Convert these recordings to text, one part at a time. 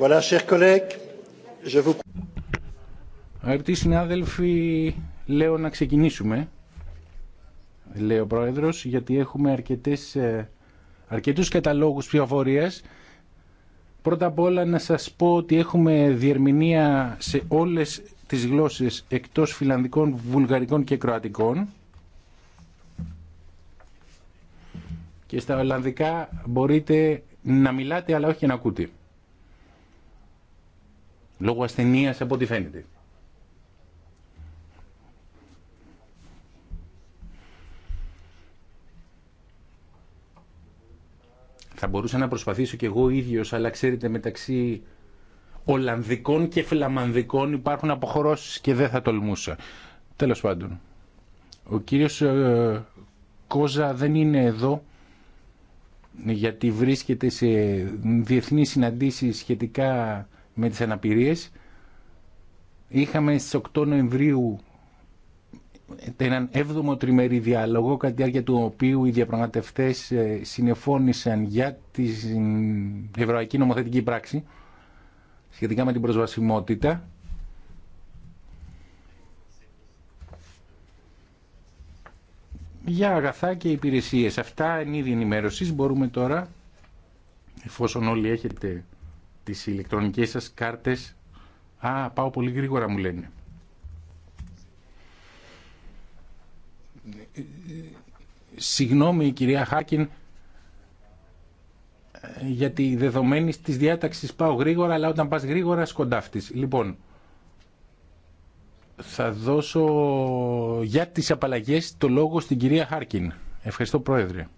Voilà, Αγαπητοί συνάδελφοι, λέω να ξεκινήσουμε, λέει ο Πρόεδρος, γιατί έχουμε αρκετές, ε, αρκετούς καταλόγους ψηφοφορίας. Πρώτα απ' όλα να σας πω ότι έχουμε διερμηνία σε όλες τις γλώσσες εκτός φιλανδικών, βουλγαρικών και κροατικών. Και στα Ολλανδικά μπορείτε να μιλάτε αλλά όχι να ακούτε. Λόγω ασθενεία από ό,τι φαίνεται. Θα μπορούσα να προσπαθήσω κι εγώ ίδιος, αλλά ξέρετε μεταξύ Ολλανδικών και Φλαμανδικών υπάρχουν αποχωρώσεις και δεν θα τολμούσα. Τέλος πάντων, ο κύριος ε, Κόζα δεν είναι εδώ γιατί βρίσκεται σε διεθνείς συναντήσεις σχετικά με τις αναπηρίες. Είχαμε στις 8 Νοεμβρίου έναν 7ο τριμερή διάλογο, κατά τη διάρκεια του οποίου οι διαπραγματευτές ε, συνεφώνησαν για την ευρωπαϊκή νομοθετική πράξη σχετικά με την προσβασιμότητα. για αγαθά και υπηρεσίες. Αυτά είναι είδη ενημέρωσης. Μπορούμε τώρα, εφόσον όλοι έχετε τις ηλεκτρονικές σας κάρτες. Α, πάω πολύ γρήγορα μου λένε. Συγγνώμη κυρία Χάκιν γιατί δεδομένη της διάταξης πάω γρήγορα αλλά όταν πας γρήγορα σκοντάφτης. Λοιπόν, θα δώσω για τις απαλλαγές το λόγο στην κυρία Χάρκιν. Ευχαριστώ Πρόεδρε.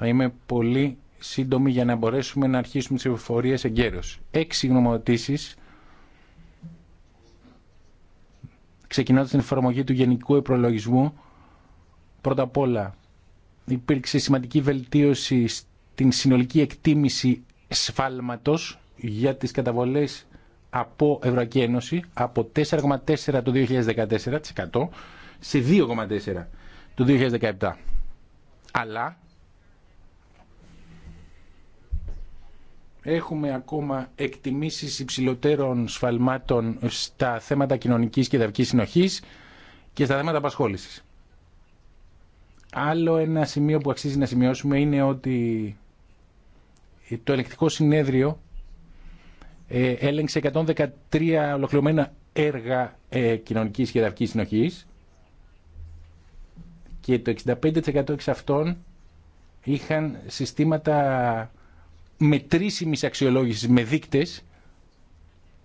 Θα είμαι πολύ σύντομη για να μπορέσουμε να αρχίσουμε τις ευφορίες εγκαίρως. Έξι γνωμοτήσεις, ξεκινώντας την εφαρμογή του γενικού επρολογισμού, πρώτα απ' όλα υπήρξε σημαντική βελτίωση στην συνολική εκτίμηση σφάλματος για τις καταβολές από Ευρωπαϊκή Ένωση από 4,4 το 2014% σε 2,4 το 2017. Αλλά Έχουμε ακόμα εκτιμήσεις υψηλότερων σφαλμάτων στα θέματα κοινωνικής και δαυκής συνοχής και στα θέματα απασχόλησης. Άλλο ένα σημείο που αξίζει να σημειώσουμε είναι ότι το ελεκτικό συνέδριο ε, έλεγξε 113 ολοκληρωμένα έργα ε, κοινωνικής και δαυκής συνοχής και το 65% εξ αυτών είχαν συστήματα μετρήσιμη αξιολόγηση με δείκτες,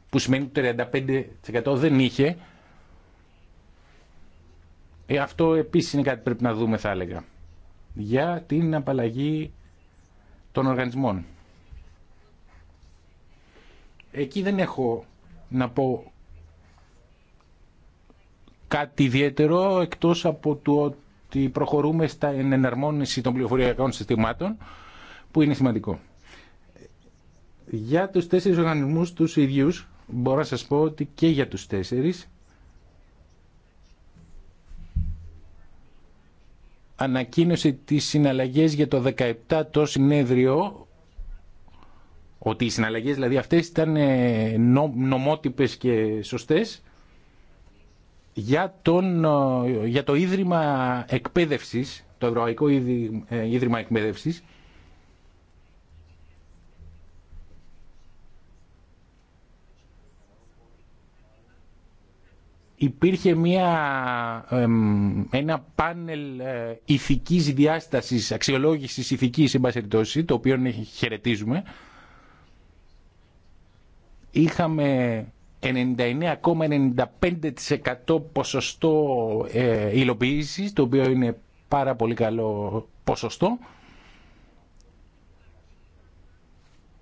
που σημαίνει ότι 35% δεν είχε, ε, αυτό επίσης είναι κάτι που πρέπει να δούμε θα έλεγα, για την απαλλαγή των οργανισμών. Εκεί δεν έχω να πω κάτι ιδιαίτερο εκτός από το ότι προχωρούμε στα εναρμόνιση των πληροφοριακών συστημάτων που είναι σημαντικό. Για τους τέσσερις οργανισμούς τους ίδιους μπορώ να σας πω ότι και για τους τέσσερις ανακοίνωσε τις συναλλαγές για το 17 το συνέδριο ότι οι συναλλαγές δηλαδή αυτές ήταν ε, νομότυπες και σωστές για, τον, ε, για το Ίδρυμα Εκπαίδευσης, το Ευρωπαϊκό ε, Ίδρυμα Εκπαίδευσης υπήρχε μια, ένα πάνελ ε, ηθικής διάστασης, αξιολόγησης ηθικής, εν το οποίο χαιρετίζουμε. Είχαμε 99,95% ποσοστό ε, υλοποίησης, το οποίο είναι πάρα πολύ καλό ποσοστό.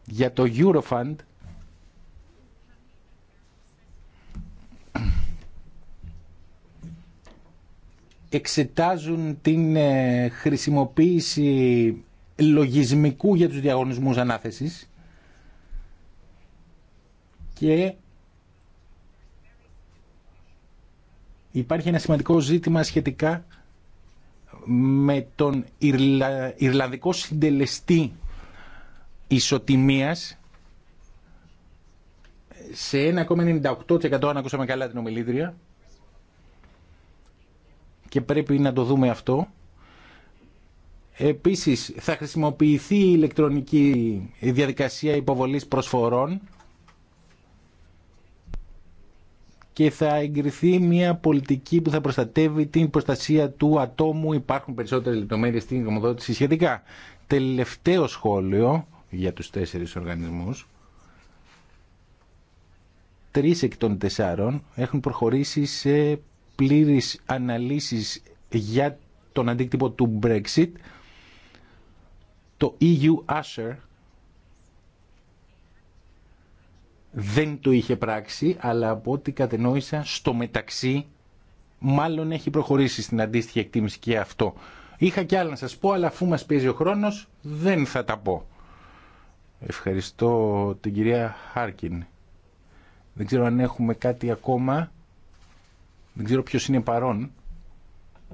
Για το Eurofund εξετάζουν την ε, χρησιμοποίηση λογισμικού για τους διαγωνισμούς ανάθεσης και υπάρχει ένα σημαντικό ζήτημα σχετικά με τον Ιρλα... Ιρλανδικό συντελεστή ισοτιμίας σε 1,98% αν ακούσαμε καλά την ομιλήτρια και πρέπει να το δούμε αυτό. Επίσης θα χρησιμοποιηθεί η ηλεκτρονική διαδικασία υποβολής προσφορών και θα εγκριθεί μια πολιτική που θα προστατεύει την προστασία του ατόμου. Υπάρχουν περισσότερες λεπτομέρειες στην κομμοδότηση σχετικά. Τελευταίο σχόλιο για τους τέσσερις οργανισμούς. Τρεις εκ των τεσσάρων έχουν προχωρήσει σε πλήρης αναλύσεις για τον αντίκτυπο του Brexit, το EU Usher δεν το είχε πράξει, αλλά από ό,τι κατενόησα στο μεταξύ μάλλον έχει προχωρήσει στην αντίστοιχη εκτίμηση και αυτό. Είχα και άλλα να σας πω, αλλά αφού μας πιέζει ο χρόνος δεν θα τα πω. Ευχαριστώ την κυρία Χάρκιν. Δεν ξέρω αν έχουμε κάτι ακόμα. Δεν ξέρω ποιος είναι παρόν.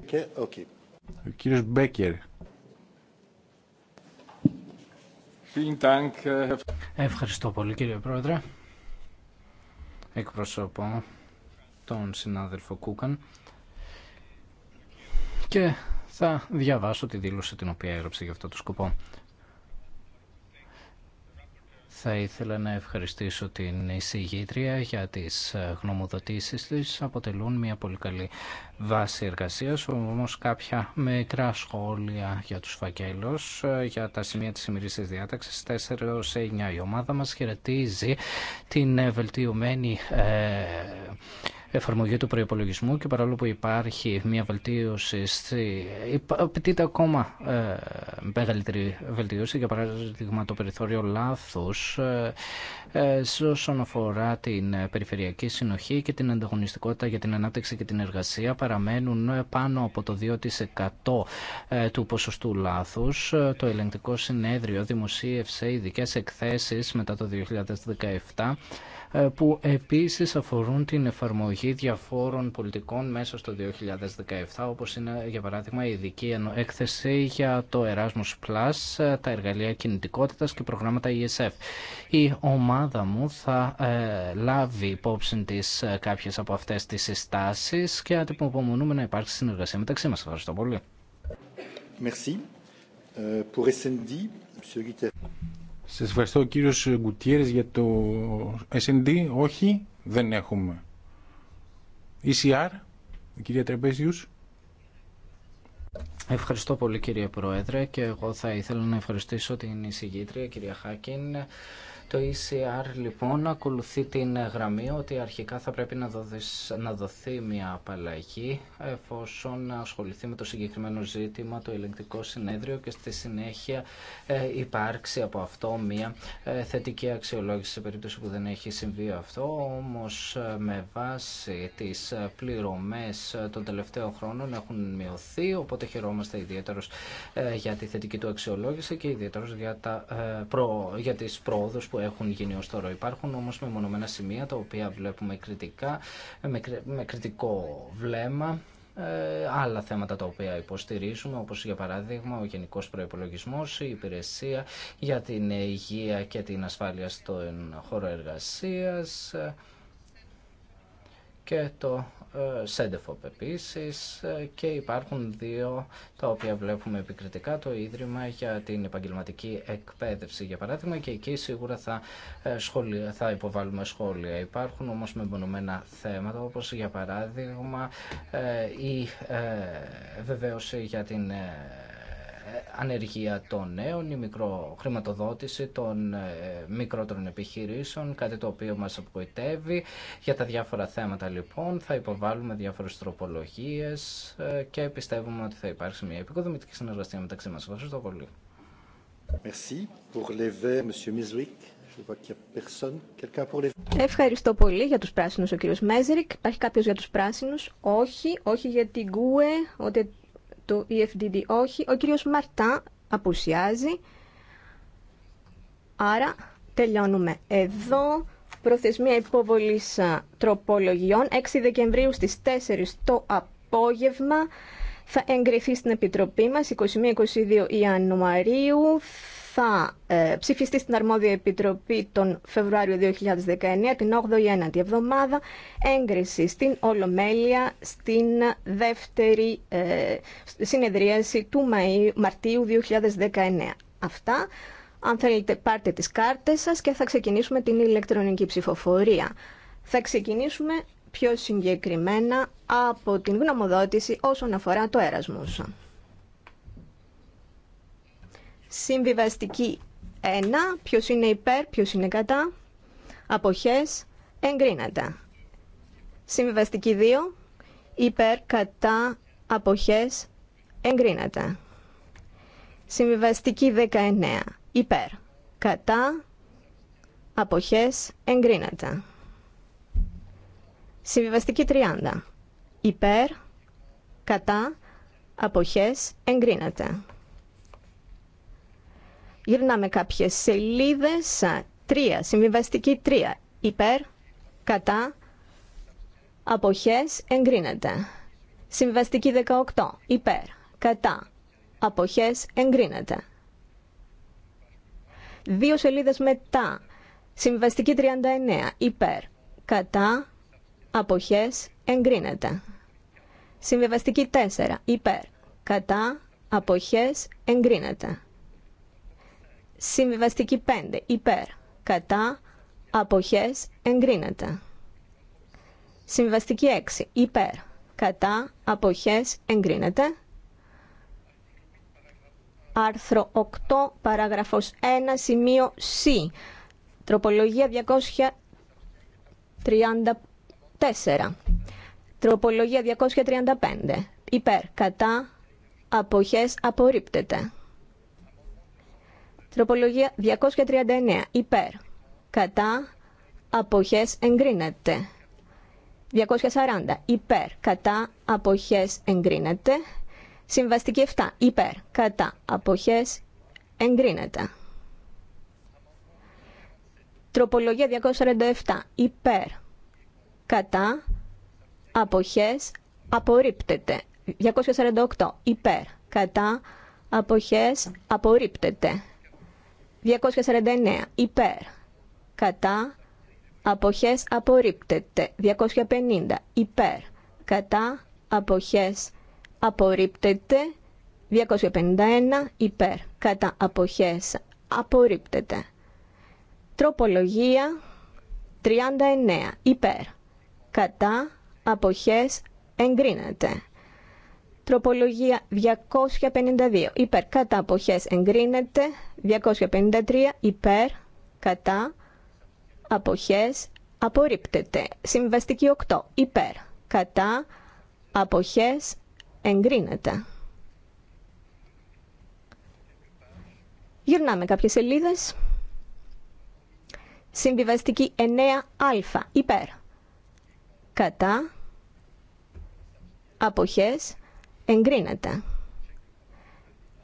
Και, okay. Ο κύριος Μπέκερ. Ευχαριστώ πολύ κύριε Πρόεδρε. Εκπροσωπώ τον συνάδελφο Κούκαν και θα διαβάσω τη δήλωση την οποία έγραψε για αυτό το σκοπό. Θα ήθελα να ευχαριστήσω την εισηγήτρια για τις ε, γνωμοδοτήσεις της. Αποτελούν μια πολύ καλή βάση εργασίας, όμως κάποια μικρά σχόλια για τους φακέλους, ε, για τα σημεία της ημερήσης διάταξης 4 σε 9. Η ομάδα μας χαιρετίζει την ε, βελτιωμένη εφαρμογή του προϋπολογισμού και παρόλο που υπάρχει μια βελτίωση, απαιτείται ακόμα ε, μεγαλύτερη βελτίωση, για παράδειγμα το περιθώριο λάθους ε, ε όσον αφορά την περιφερειακή συνοχή και την ανταγωνιστικότητα για την ανάπτυξη και την εργασία παραμένουν ε, πάνω από το 2% ε, του ποσοστού λάθους. Το ελεγκτικό συνέδριο δημοσίευσε ειδικέ εκθέσεις μετά το 2017 ε, που επίσης αφορούν την εφαρμογή διαφόρων πολιτικών μέσα στο 2017 όπως είναι για παράδειγμα η ειδική έκθεση για το Erasmus Plus, ε, τα εργαλεία κινητικότητας και προγράμματα ESF. Η ομάδα μου θα ε, λάβει υπόψη της κάποιες από αυτές τις συστάσεις και αντιπομονούμε να υπάρξει συνεργασία μεταξύ μας. Ευχαριστώ πολύ. Σα ευχαριστώ κύριος Γκουτιέρε για το S&D. Όχι, δεν έχουμε. ECR, η κυρία Τραπέζιους. Ευχαριστώ πολύ κύριε Πρόεδρε και εγώ θα ήθελα να ευχαριστήσω την εισηγήτρια κυρία Χάκιν το ECR λοιπόν ακολουθεί την γραμμή ότι αρχικά θα πρέπει να, δόδεις να δοθεί μια απαλλαγή εφόσον ασχοληθεί με το συγκεκριμένο ζήτημα το ελεγκτικό συνέδριο και στη συνέχεια ε, υπάρξει από αυτό μια ε, θετική αξιολόγηση σε περίπτωση που δεν έχει συμβεί αυτό όμως ε, με βάση τις ε, πληρωμές των τελευταίων χρόνων έχουν μειωθεί οπότε χαιρόμαστε ιδιαίτερος ε, για τη θετική του αξιολόγηση και ιδιαίτερος για, τα, προ, για τις πρόοδους έχουν γίνει ως τώρα. Υπάρχουν όμως μεμονωμένα σημεία τα οποία βλέπουμε κριτικά, με, με κριτικό βλέμμα ε, άλλα θέματα τα οποία υποστηρίζουμε, όπως για παράδειγμα ο γενικός προϋπολογισμός, η υπηρεσία για την υγεία και την ασφάλεια στον χώρο εργασίας ε, και το ε, ΣΕΝΤΕΦΟΠ επίσης ε, και υπάρχουν δύο τα οποία βλέπουμε επικριτικά το Ίδρυμα για την επαγγελματική εκπαίδευση για παράδειγμα και εκεί σίγουρα θα, ε, θα υποβάλουμε σχόλια. Υπάρχουν όμως μεμονωμένα θέματα όπως για παράδειγμα η βεβαίωση για την ανεργία των νέων, η μικρόχρηματοδότηση των ε, μικρότερων επιχειρήσεων, κάτι το οποίο μας απογοητεύει. Για τα διάφορα θέματα λοιπόν θα υποβάλουμε διάφορες τροπολογίες ε, και πιστεύουμε ότι θα υπάρξει μια επικοδομητική συνεργασία μεταξύ μας. Ευχαριστώ πολύ. Ευχαριστώ πολύ για τους πράσινους ο κύριος Μέζερικ. Υπάρχει κάποιος για τους πράσινους. Όχι, όχι για την Γκουε, ούτε το EFDD όχι. Ο κύριος Μαρτά απουσιάζει. Άρα τελειώνουμε εδώ. Προθεσμία υποβολής τροπολογιών 6 Δεκεμβρίου στις 4 το απόγευμα. Θα εγκριθεί στην Επιτροπή μας 21-22 Ιανουαρίου θα ε, ψηφιστεί στην αρμόδια επιτροπή τον Φεβρουάριο 2019, την 8η-9η εβδομάδα, έγκριση στην Ολομέλεια στην δεύτερη ε, συνεδρίαση του Μαΐου, Μαρτίου 2019. Αυτά. Αν θέλετε πάρτε τις κάρτες σας και θα ξεκινήσουμε την ηλεκτρονική ψηφοφορία. Θα ξεκινήσουμε πιο συγκεκριμένα από την γνωμοδότηση όσον αφορά το έρασμο Συμβιβαστική 1. Ποιος είναι υπέρ, ποιος είναι κατά. Αποχές. Εγκρίνεται. Συμβιβαστική 2. Υπέρ, κατά, αποχές. Εγκρίνεται. Συμβιβαστική 19. Υπέρ, κατά, αποχές. Εγκρίνεται. Συμβιβαστική 30. Υπέρ, κατά, αποχές. Εγκρίνεται. Γυρνάμε κάποιες σελίδες. 3. Συμβιβαστική 3. Υπέρ, κατά, αποχές, εγκρίνεται. Συμβιβαστική 18. Υπέρ, κατά, αποχές, εγκρίνεται. Δύο σελίδες μετά. Συμβιβαστική 39. Υπέρ, κατά, αποχές, εγκρίνεται. Συμβιβαστική 4. Υπέρ, κατά, αποχές, εγκρίνεται. Συμβιβαστική 5. Υπέρ. Κατά. Αποχές. Εγκρίνεται. Συμβιβαστική 6. Υπέρ. Κατά. Αποχές. Εγκρίνεται. Άρθρο 8. Παράγραφος 1. Σημείο C. Τροπολογία 234. Τροπολογία 235. Υπέρ. Κατά. Αποχές. Απορρίπτεται. Τροπολογία 239. Υπέρ. Κατά. Αποχές εγκρίνεται. 240. Υπέρ. Κατά. Αποχές εγκρίνεται. Συμβαστική 7. Υπέρ. Κατά. Αποχές εγκρίνεται. Τροπολογία 247. Υπέρ. Κατά. Αποχές απορρίπτεται. 248. Υπέρ. Κατά. Αποχές απορρίπτεται. 249 υπέρ. Κατά. Αποχές απορρίπτεται. 250 υπέρ. Κατά. Αποχές απορρίπτεται. 251 υπέρ. Κατά. Αποχές απορρίπτεται. Τροπολογία 39 υπέρ. Κατά. Αποχές εγκρίνεται. Τροπολογία 252 υπέρ κατά αποχές εγκρίνεται. 253 υπέρ κατά αποχές απορρίπτεται. Συμβαστική 8 υπέρ κατά αποχές εγκρίνεται. Γυρνάμε κάποιες σελίδες. Συμβιβαστική 9α υπέρ. Κατά. Αποχές εγκρίνεται.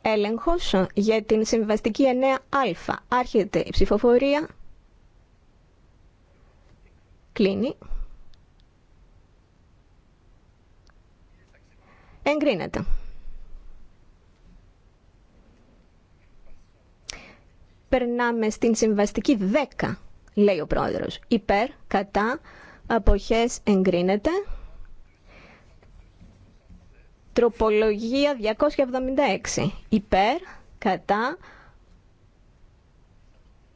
Έλεγχος για την συμβαστική 9α. Άρχεται η ψηφοφορία. Κλείνει. Εγκρίνεται. Περνάμε στην συμβαστική 10, λέει ο πρόεδρος. Υπέρ, κατά, αποχές εγκρίνεται. Τροπολογία 276. Υπέρ, κατά,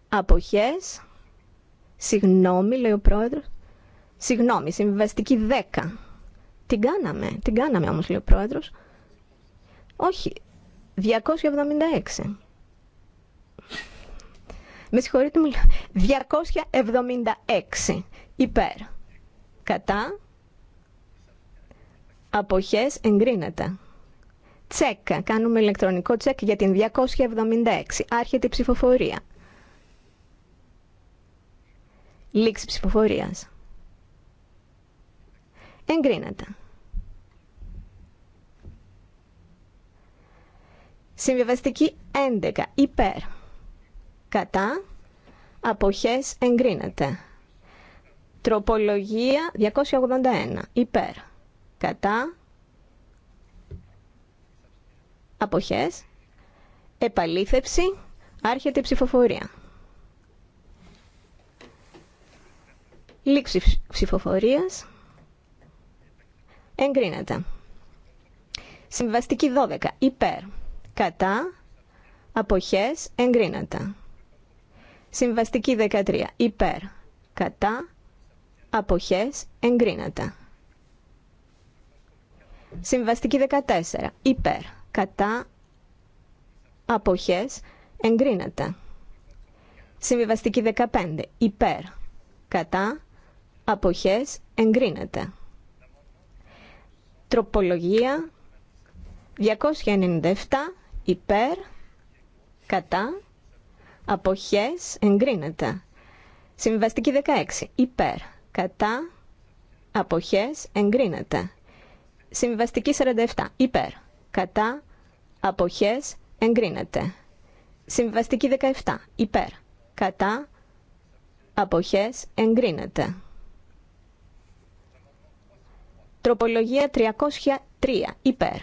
αποχές, συγγνώμη λέει ο πρόεδρος, συγγνώμη, συμβιβαστική 10. Την κάναμε, την κάναμε όμως λέει ο πρόεδρος. Όχι, 276. Με συγχωρείτε μου, 276. Υπέρ, κατά, αποχές εγκρίνεται. Τσεκ. Κάνουμε ηλεκτρονικό τσεκ για την 276. Άρχεται η ψηφοφορία. Λήξη ψηφοφορίας. Εγκρίνεται. Συμβιβαστική 11. Υπέρ. Κατά. Αποχές εγκρίνεται. Τροπολογία 281. Υπέρ κατά αποχές επαλήθευση άρχεται η ψηφοφορία λήξη ψηφοφορίας εγκρίνεται συμβαστική 12 υπέρ κατά αποχές εγκρίνεται συμβαστική 13 υπέρ κατά αποχές εγκρίνεται Συμβαστική 14. Υπέρ. Κατά. Αποχές. Εγκρίνεται. Συμβιβαστική 15. Υπέρ. Κατά. Αποχές. Εγκρίνεται. Τροπολογία 297. Υπέρ. Κατά. Αποχές. Εγκρίνεται. Συμβιβαστική 16. Υπέρ. Κατά. Αποχές. Εγκρίνεται. Συμβαστική 47. Υπέρ. Κατά. Αποχές. Εγκρίνεται. Συμβαστική 17. Υπέρ. Κατά. Αποχές. Εγκρίνεται. Τροπολογία 303. Υπέρ.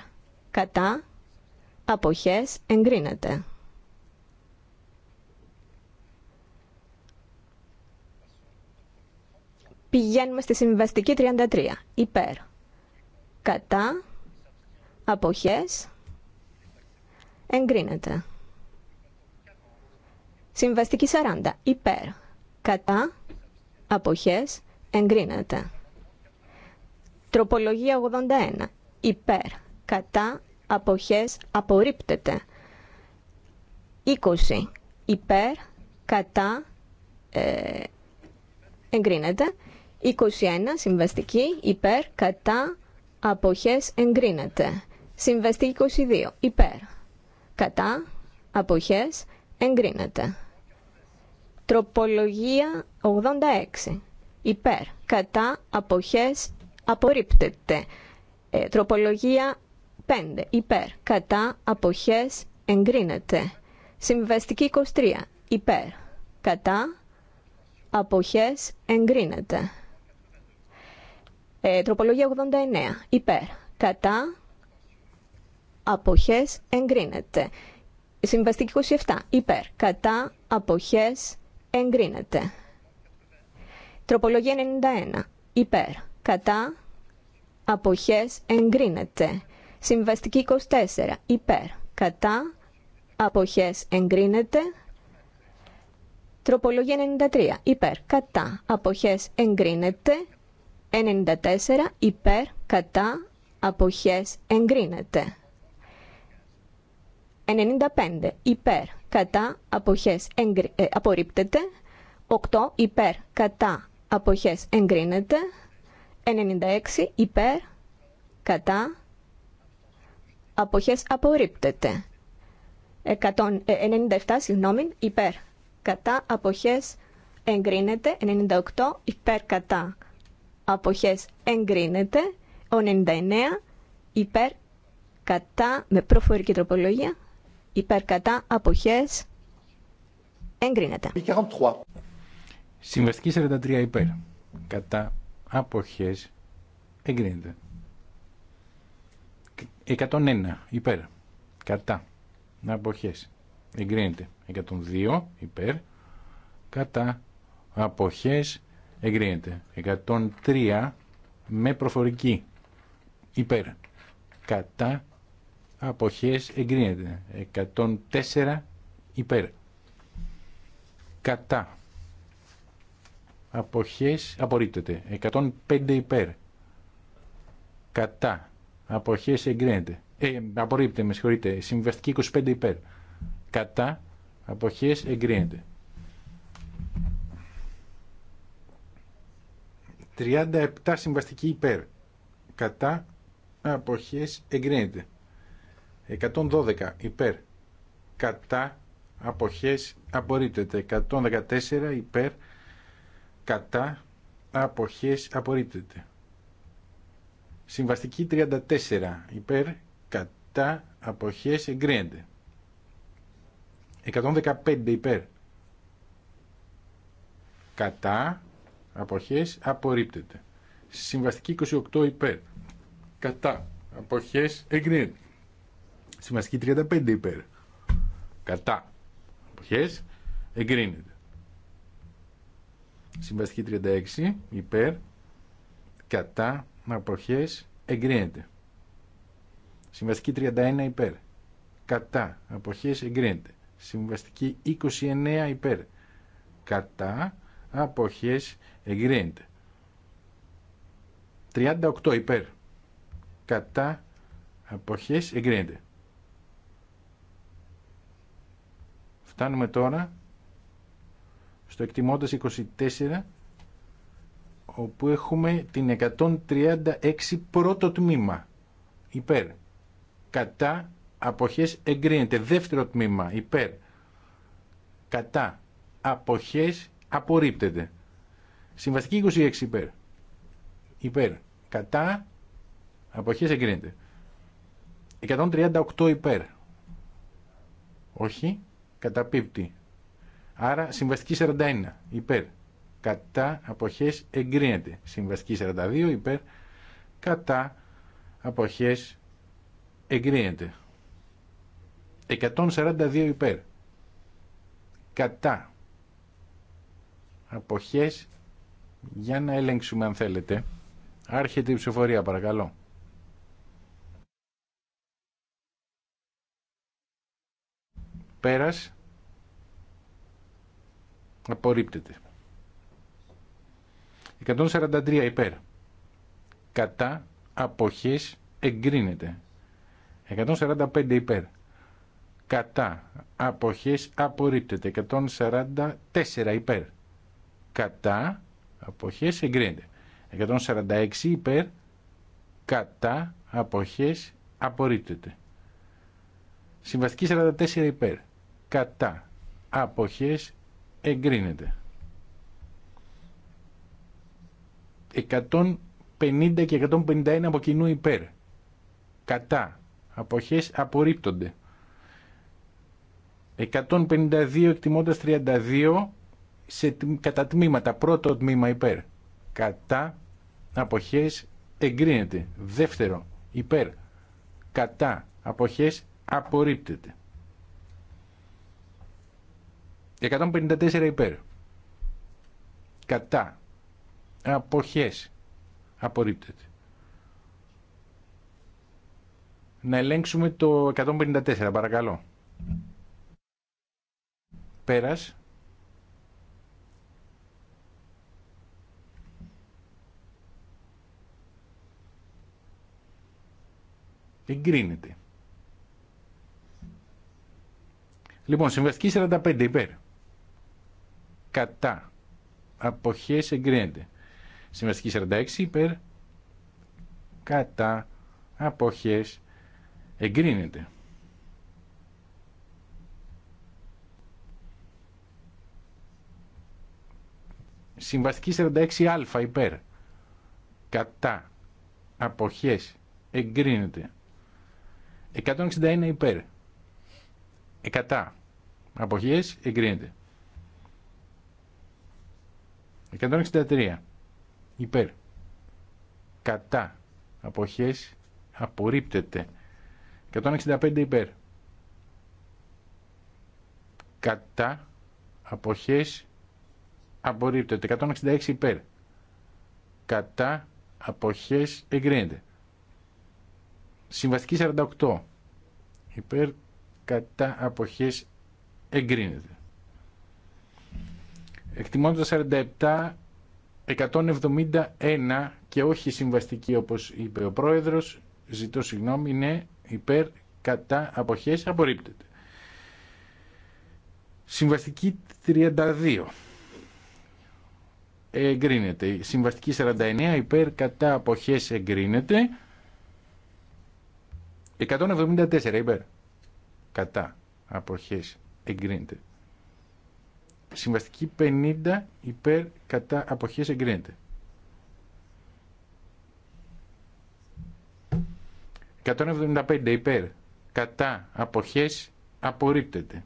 Κατά. Αποχές. Εγκρίνεται. Πηγαίνουμε στη συμβαστική 33. Υπέρ κατά, αποχές, εγκρίνεται. Συμβαστική 40. Υπέρ. Κατά. Αποχές. Εγκρίνεται. Τροπολογία 81. Υπέρ. Κατά. Αποχές. Απορρίπτεται. 20. Υπέρ. Κατά. Ε, εγκρίνεται. 21. Συμβαστική. Υπέρ. Κατά αποχές εγκρίνεται. Συμβαστή 22 υπέρ. Κατά αποχές εγκρίνεται. Τροπολογία 86 υπέρ. Κατά αποχές απορρίπτεται. Ε, τροπολογία 5 υπέρ. Κατά αποχές εγκρίνεται. Συμβαστική 23 υπέρ. Κατά αποχές εγκρίνεται. Ε, τροπολογία 89. Υπέρ. Κατά. Αποχές. Εγκρίνεται. Συμβαστική 27. Υπέρ. Κατά. Αποχές. Εγκρίνεται. Τροπολογία 91. Υπέρ. Κατά. Αποχές. Εγκρίνεται. Συμβαστική 24. Υπέρ. Κατά. Αποχές. Εγκρίνεται. Τροπολογία 93. Υπέρ. Κατά. Αποχές. Εγκρίνεται. 94 υπέρ κατά αποχές εγκρίνεται. 95 υπέρ κατά αποχές εγκρι... Ε, απορρίπτεται. 8 υπέρ κατά αποχές εγκρίνεται. 96 υπέρ κατά αποχές απορρίπτεται. 197 97 ε, υπέρ κατά αποχές εγκρίνεται. 98 υπέρ κατά αποχές εγκρίνεται. Ο 99 υπέρ κατά με προφορική τροπολογία υπέρ κατά αποχές εγκρίνεται. 43. Συμβαστική 43 υπέρ κατά αποχές εγκρίνεται. 101 υπέρ κατά αποχές εγκρίνεται. 102 υπέρ κατά αποχές εγκρίνεται. 103 με προφορική υπέρ. Κατά αποχές εγκρίνεται. 104 υπέρ. Κατά αποχές απορρίπτεται. 105 υπέρ. Κατά αποχές εγκρίνεται. Ε, απορρίπτεται, με συγχωρείτε. Συμβαστική 25 υπέρ. Κατά αποχές εγκρίνεται. 37 συμβαστική υπέρ. Κατά αποχές εγκρίνεται. 112 υπέρ. Κατά αποχές απορρίπτεται. 114 υπέρ. Κατά αποχές απορρίπτεται. Συμβαστική 34 υπέρ. Κατά αποχές εγκρίνεται. 115 υπέρ. Κατά αποχές απορρίπτεται. Συμβαστική 28 υπέρ. Κατά. Αποχές εγκρίνεται. Συμβαστική 35 υπέρ. Κατά. Αποχές εγκρίνεται. Συμβαστική 36 υπέρ. Κατά. Αποχές εγκρίνεται. Συμβαστική 31 υπέρ. Κατά. Αποχές εγκρίνεται. Συμβαστική 29 υπέρ. Κατά αποχές εγκρίνεται 38 υπέρ κατά αποχές εγκρίνεται φτάνουμε τώρα στο εκτιμώντας 24 όπου έχουμε την 136 πρώτο τμήμα υπέρ κατά αποχές εγκρίνεται δεύτερο τμήμα υπέρ κατά αποχές απορρίπτεται. Συμβαστική 26 υπέρ. Υπέρ. Κατά. Αποχές εγκρίνεται. 138 υπέρ. Όχι. Καταπίπτει. Άρα συμβαστική 41 υπέρ. Κατά αποχές εγκρίνεται. Συμβαστική 42 υπέρ. Κατά αποχές εγκρίνεται. 142 υπέρ. Κατά αποχές για να ελέγξουμε αν θέλετε. Άρχεται η ψηφοφορία παρακαλώ. Πέρας απορρίπτεται. 143 υπέρ. Κατά αποχές εγκρίνεται. 145 υπέρ. Κατά αποχές απορρίπτεται. 144 υπέρ κατά αποχές εγκρίνεται 146 υπέρ κατά αποχές απορρίπτεται συμβαστική 44 υπέρ κατά αποχές εγκρίνεται 150 και 151 από κοινού υπέρ κατά αποχές απορρίπτονται 152 εκτιμώντας 32 σε, κατά τμήματα. Πρώτο τμήμα υπέρ. Κατά αποχές εγκρίνεται. Δεύτερο υπέρ. Κατά αποχές απορρίπτεται. 154 υπέρ. Κατά αποχές απορρίπτεται. Να ελέγξουμε το 154 παρακαλώ. Πέρας. Εγκρίνεται. Λοιπόν, συμβαστική 45 υπέρ. Κατά. Αποχές εγκρίνεται. Συμβαστική 46 υπέρ. Κατά. Αποχές εγκρίνεται. Συμβαστική 46α υπέρ. Κατά. Αποχές εγκρίνεται. 161 υπέρ. Εκατά. Αποχές εγκρίνεται. 163 υπέρ. Κατά. Αποχές απορρίπτεται. 165 υπέρ. Κατά. Αποχές απορρίπτεται. 166 υπέρ. Κατά. Αποχές εγκρίνεται. Συμβαστική 48. Υπέρ κατά αποχές εγκρίνεται. Εκτιμώντας 47, 171 και όχι συμβαστική όπως είπε ο πρόεδρος, ζητώ συγγνώμη, ναι, υπέρ κατά αποχές απορρίπτεται. Συμβαστική 32 εγκρίνεται. Συμβαστική 49 υπέρ κατά αποχές εγκρίνεται. 174 υπέρ. Κατά. Αποχές. Εγκρίνεται. Συμβαστική 50 υπέρ. Κατά. Αποχές. Εγκρίνεται. 175 υπέρ. Κατά. Αποχές. Απορρίπτεται.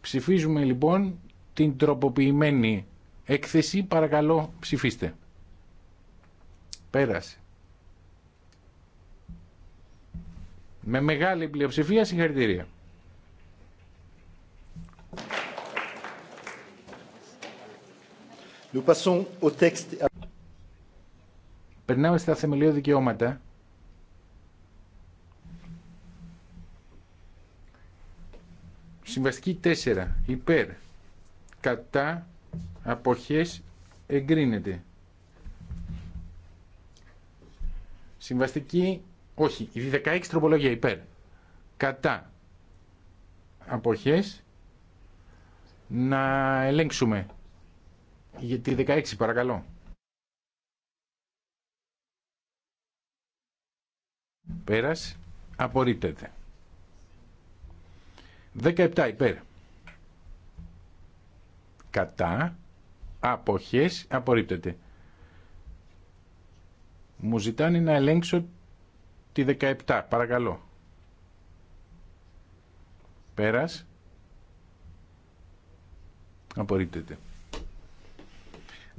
Ψηφίζουμε λοιπόν την τροποποιημένη έκθεση. Παρακαλώ ψηφίστε. Πέρασε. Με μεγάλη πλειοψηφία συγχαρητήρια. Περνάμε στα θεμελιώδη δικαιώματα. Συμβαστική 4. Υπέρ. Κατά. Αποχές. Εγκρίνεται. Συμβαστική όχι, η 16 τροπολογία υπέρ. Κατά. Αποχές. Να ελέγξουμε. Για τη 16 παρακαλώ. Πέρας. Απορρίπτεται. 17 υπέρ. Κατά. Αποχές. Απορρίπτεται. Μου ζητάνε να ελέγξω τη 17. Παρακαλώ. Πέρας. Απορρίπτεται.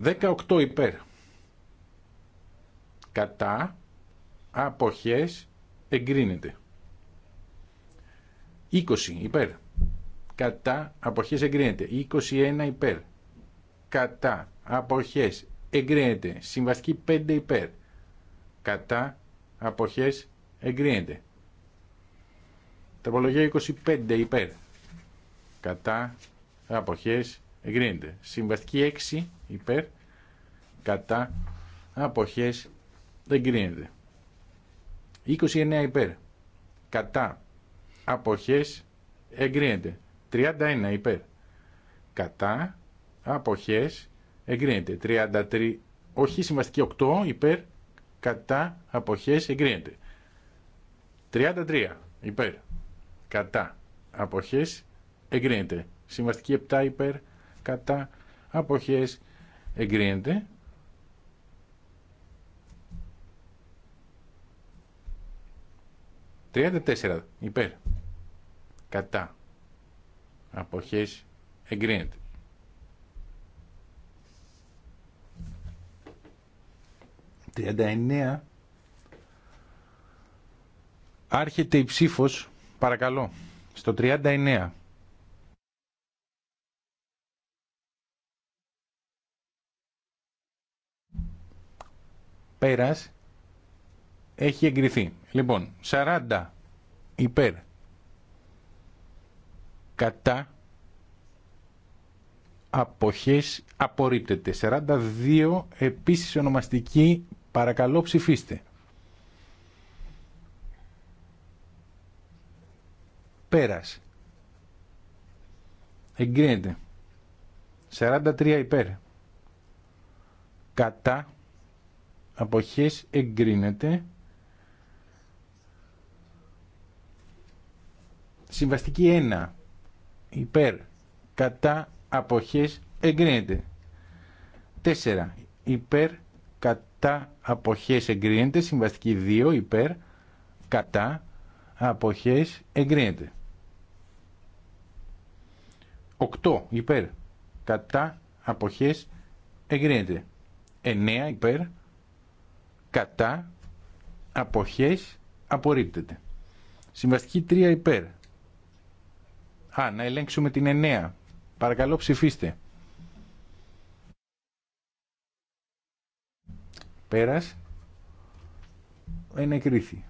18 υπέρ. Κατά. Αποχές. Εγκρίνεται. 20 υπέρ. Κατά. Αποχές εγκρίνεται. 21 υπέρ. Κατά. Αποχές εγκρίνεται. Συμβαστική 5 υπέρ. Κατά αποχές εγκρίνεται. Τροπολογία 25 υπέρ κατά αποχές εγκρίνεται. Συμβαστική 6 υπέρ κατά αποχές εγκρίνεται. 29 υπέρ κατά αποχές εγκρίνεται. 31 υπέρ κατά αποχές εγκρίνεται. 33 όχι συμβαστική 8 υπέρ κατά αποχές εγκρίνεται 33 υπέρ κατά αποχές εγκρίνεται συμβαστική 7 υπέρ κατά αποχές εγκρίνεται ...34 υπέρ... ...κατά... ...αποχές... ...εγκρίνεται... 39 άρχεται η ψήφος παρακαλώ στο 39 πέρας έχει εγκριθεί λοιπόν 40 υπέρ κατά αποχές απορρίπτεται. 42 επίσης ονομαστική Παρακαλώ ψηφίστε. Πέρας. Εγκρίνεται. 43 υπέρ. Κατά. Αποχές εγκρίνεται. Συμβαστική 1. Υπέρ. Κατά. Αποχές εγκρίνεται. 4. Υπέρ κατά αποχές εγκρίνεται, συμβαστική 2 υπέρ κατά αποχές εγκρίνεται. 8 υπέρ κατά αποχές εγκρίνεται. 9 υπέρ κατά αποχές απορρίπτεται. Συμβαστική 3 υπέρ. Α, να ελέγξουμε την 9. Παρακαλώ ψηφίστε. Πέρας. Ενεκρίθη.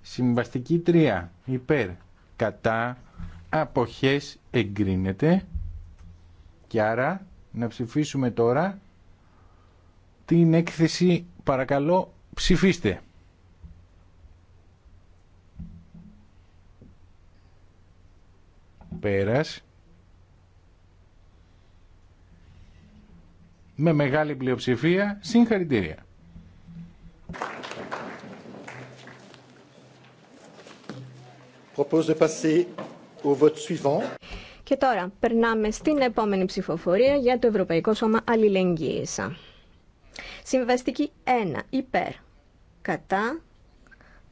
Συμβαστική 3. Υπέρ. Κατά. Αποχές εγκρίνεται. Και άρα να ψηφίσουμε τώρα την έκθεση. Παρακαλώ ψηφίστε. πέρας με μεγάλη πλειοψηφία συγχαρητήρια. Και τώρα περνάμε στην επόμενη ψηφοφορία για το Ευρωπαϊκό Σώμα Αλληλεγγύης. Συμβαστική 1. Υπέρ. Κατά.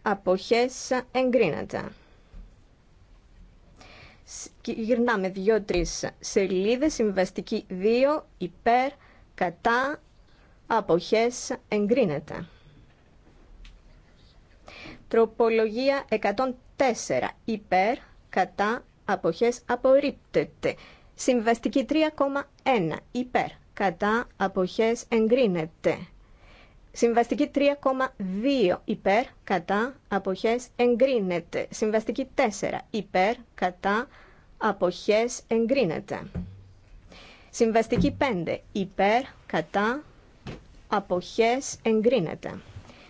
Αποχές εγκρίνατα γυρνάμε δύο-τρει σελίδες, συμβαστική 2, υπέρ, κατά, αποχές, εγκρίνεται. Τροπολογία 104, υπέρ, κατά, αποχές, απορρίπτεται. Συμβαστική 3,1, υπέρ, κατά, αποχές, εγκρίνεται. Συμβαστική 3,2 υπέρ, κατά, αποχές, εγκρίνεται. Συμβαστική 4 υπέρ, κατά, αποχές, εγκρίνεται. Συμβαστική 5 υπέρ, κατά, αποχές, εγκρίνεται.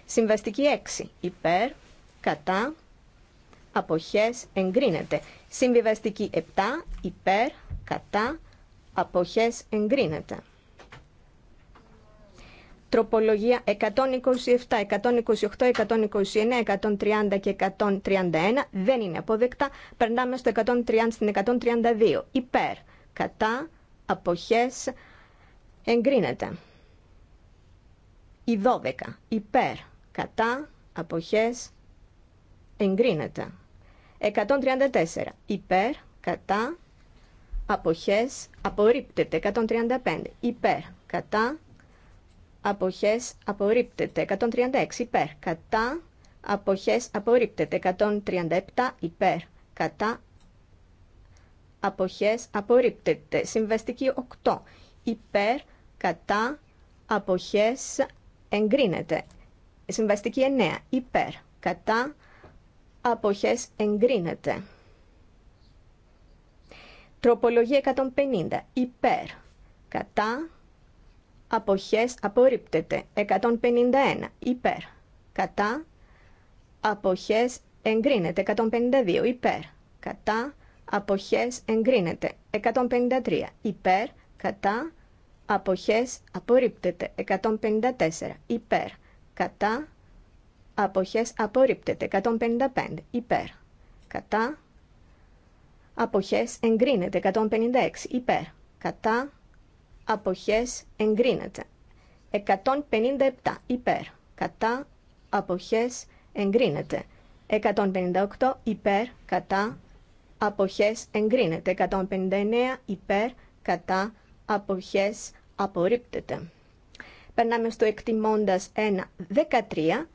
Συμβαστική 6 υπέρ, κατά, αποχές, εγκρίνεται. Συμβιβαστική 7 υπέρ, κατά, αποχές, εγκρίνεται τροπολογία 127, 128, 129, 130 και 131 δεν είναι αποδεκτά. Περνάμε στο 130 στην 132. Υπέρ, κατά, αποχές, εγκρίνεται. Η 12. Υπέρ, κατά, αποχές, εγκρίνεται. 134. Υπέρ, κατά, αποχές, απορρίπτεται. 135. Υπέρ, κατά, αποχές απορρίπτεται 136 υπέρ κατά αποχές απορρίπτεται 137 υπέρ κατά αποχές απορρίπτεται συμβαστική 8 υπέρ κατά αποχές εγκρίνεται συμβαστική 9 υπέρ κατά αποχές εγκρίνεται τροπολογία 150 υπέρ κατά αποχές απορρίπτεται 151 υπέρ κατά αποχές εγκρίνεται 152 υπέρ κατά αποχές εγκρίνεται 153 υπέρ κατά αποχές απορρίπτεται 154 υπέρ κατά αποχές απορρίπτεται 155 υπέρ κατά αποχές εγκρίνεται 156 υπέρ κατά αποχές εγκρίνεται. 157 υπέρ, κατά, αποχές εγκρίνεται. 158 υπέρ, κατά, αποχές εγκρίνεται. 159 υπέρ, κατά, αποχές απορρίπτεται. Περνάμε στο εκτιμώντας 1, 13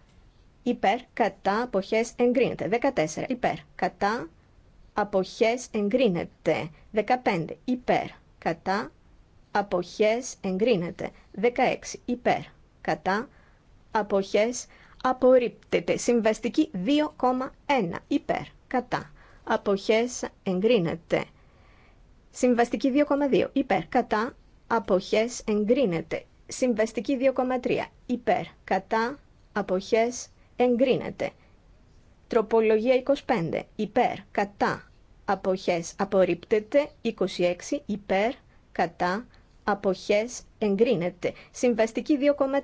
υπέρ, κατά, αποχές εγκρίνεται. 14 υπέρ, κατά, αποχές εγκρίνεται. 15 υπέρ, κατά, αποχές εγκρίνεται. 16 υπέρ κατά αποχές απορρίπτεται. Συμβαστική 2,1 υπέρ κατά αποχές εγκρίνεται. Συμβαστική 2,2 υπέρ κατά αποχές εγκρίνεται. Συμβαστική 2,3 υπέρ κατά αποχές εγκρίνεται. Τροπολογία 25 υπέρ κατά αποχές απορρίπτεται. 26 υπέρ κατά αποχές εγκρίνεται. Συμβαστική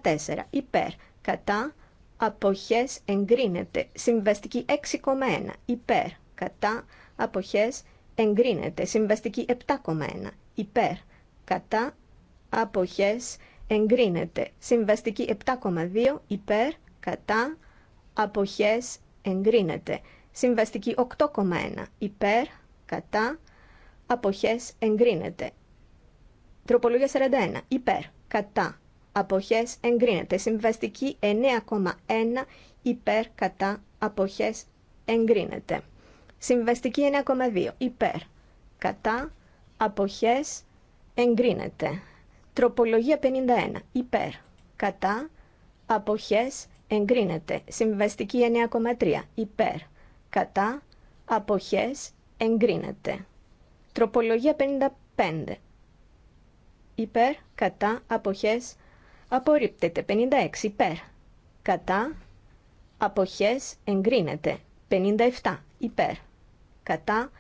2,4 υπέρ, κατά, αποχές εγκρίνεται. Συμβαστική 6,1 υπέρ, κατά, αποχές εγκρίνεται. Συμβαστική 7,1 υπέρ, κατά, αποχές εγκρίνεται. Συμβαστική 7,2 υπέρ, κατά, αποχές εγκρίνεται. Συμβαστική 8,1 υπέρ, κατά, αποχές εγκρίνεται. Τροπολογία 41. Υπέρ. Κατά. Αποχές εγκρίνεται. Συμβαστική 9,1 υπέρ κατά αποχές εγκρίνεται. Συμβαστική 9,2 υπέρ κατά αποχές εγκρίνεται. Τροπολογία 51 υπέρ κατά αποχές εγκρίνεται. Συμβαστική 9,3 υπέρ κατά αποχές εγκρίνεται. Τροπολογία 55 υπέρ, κατά, αποχές, απορρίπτεται. 56 υπέρ, κατά, αποχές, εγκρίνεται. 57 υπέρ, κατά,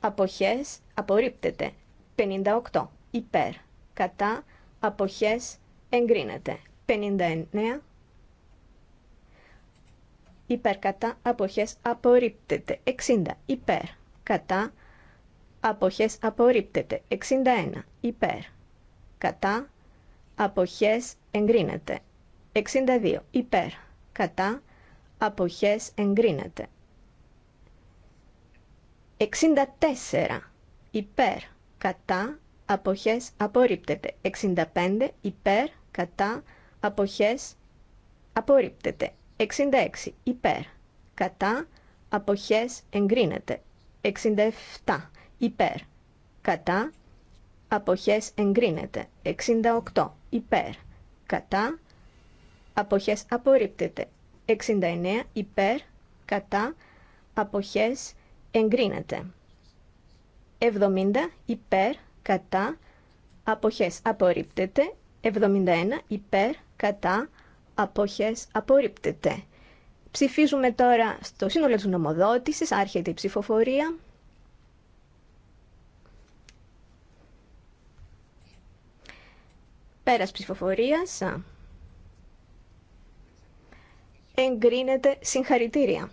αποχές, απορρίπτεται. 58 υπέρ, κατά, αποχές, εγκρίνεται. 59 υπέρ, κατά, αποχές, απορρίπτεται. 60 υπέρ, κατά, αποχές απορρίπτεται. 61. Υπέρ κατά, αποχές, εγκρίνεται. 62. Υπέρ, κατά, αποχές, εγκρίνεται. 64. Υπέρ, κατά, αποχές, απορρίπτεται. 65. Υπέρ, κατά, αποχές, απορρίπτεται. 66. Υπέρ, κατά, αποχές, εγκρίνεται. 67. Υπέρ, κατά, αποχές εγκρίνεται. 68 υπέρ, κατά, αποχές απορρίπτεται. 69 υπέρ, κατά, αποχές εγκρίνεται. 70 υπέρ, κατά, αποχές απορρίπτεται. 71 υπέρ, κατά, αποχές απορρίπτεται. Ψηφίζουμε τώρα στο σύνολο της νομοδότησης, άρχεται η ψηφοφορία. Πέρας ψηφοφορίας. Εγκρίνεται συγχαρητήρια.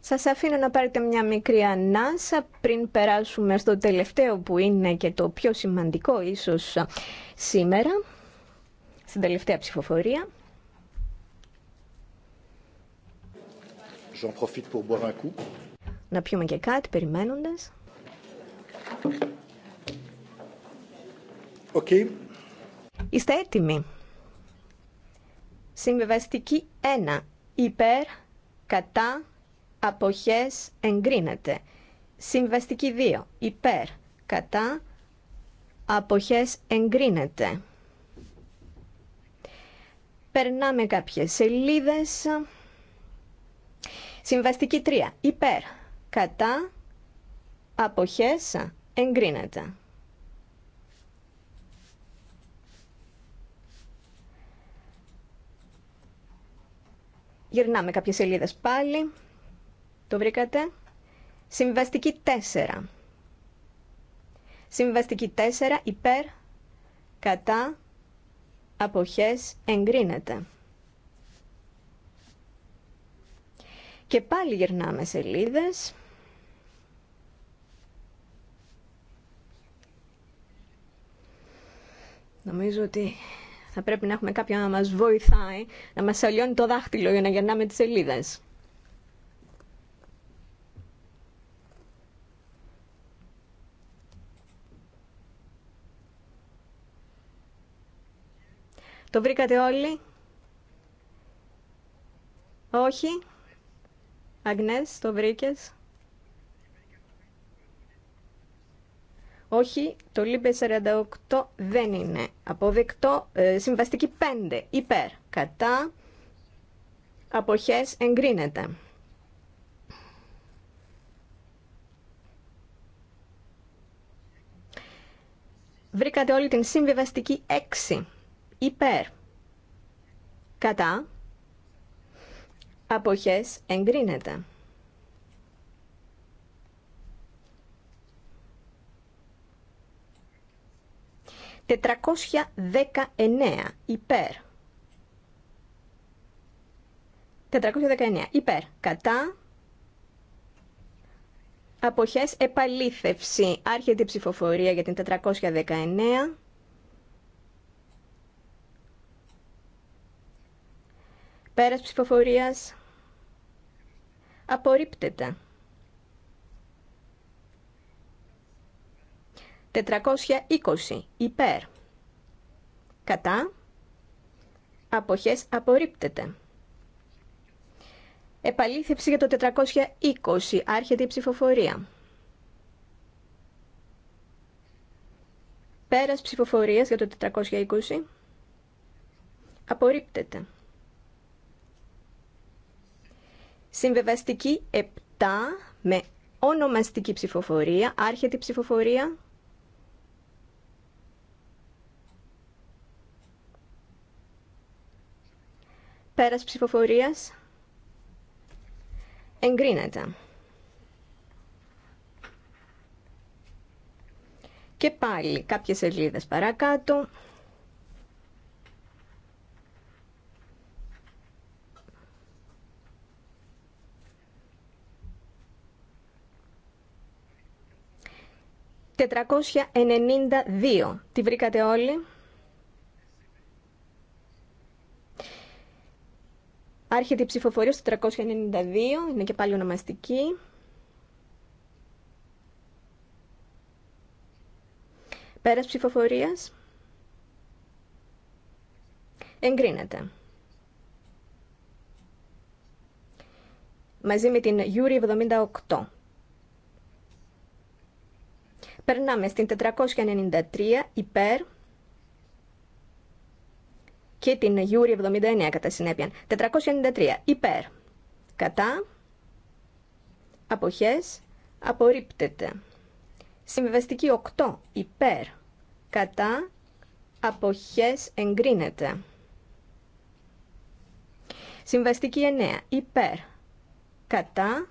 Σας αφήνω να πάρετε μια μικρή ανάσα πριν περάσουμε στο τελευταίο που είναι και το πιο σημαντικό ίσως σήμερα, στην τελευταία ψηφοφορία. J'en profite pour boire un coup. Να πιούμε και κάτι περιμένοντας. Okay. Είστε έτοιμοι. Συμβεβαστική 1. Υπέρ, κατά, αποχές, εγκρίνεται. Συμβαστική 2. Υπέρ, κατά, αποχές, εγκρίνεται. Περνάμε κάποιες σελίδες. Συμβαστική 3. Υπέρ. Κατά. αποχέσα Εγκρίνεται. Γυρνάμε κάποιες σελίδες πάλι. Το βρήκατε. Συμβαστική 4. Συμβαστική 4 υπέρ, κατά, αποχές, εγκρίνεται. Και πάλι γυρνάμε σελίδες. Νομίζω ότι θα πρέπει να έχουμε κάποιον να μας βοηθάει, να μας αλλιώνει το δάχτυλο για να γυρνάμε τις σελίδες. Το βρήκατε όλοι. Όχι. Αγνές, το βρήκες. Όχι, το Λίπε 48 δεν είναι αποδεκτό. Ε, συμβαστική 5, υπέρ. Κατά αποχές εγκρίνεται. Βρήκατε όλη την συμβιβαστική 6, υπέρ. Κατά Αποχές εγκρίνεται. Τετρακόσια δέκα εννέα υπέρ. 419 υπέρ. Κατά. Αποχές επαλήθευση. Άρχεται η ψηφοφορία για την 419. Πέρας ψηφοφορίας απορρίπτεται. 420 υπέρ. Κατά. Αποχές απορρίπτεται. Επαλήθευση για το 420. Άρχεται η ψηφοφορία. Πέρας ψηφοφορίας για το 420. Απορρίπτεται. Συμβεβαστική 7 με ονομαστική ψηφοφορία. Άρχεται ψηφοφορία. Πέρας ψηφοφορίας. Εγκρίνεται. Και πάλι κάποιες σελίδες παρακάτω. 492. Τη βρήκατε όλοι. Άρχεται η ψηφοφορία στο 492, είναι και πάλι ονομαστική. Πέρας ψηφοφορίας. Εγκρίνεται. Μαζί με την Γιούρι 78. Περνάμε στην 493 υπέρ και την Γιούρι 79 κατά συνέπεια. 493 υπέρ κατά αποχές απορρίπτεται. Συμβαστική 8 υπέρ κατά αποχές εγκρίνεται. Συμβαστική 9 υπέρ κατά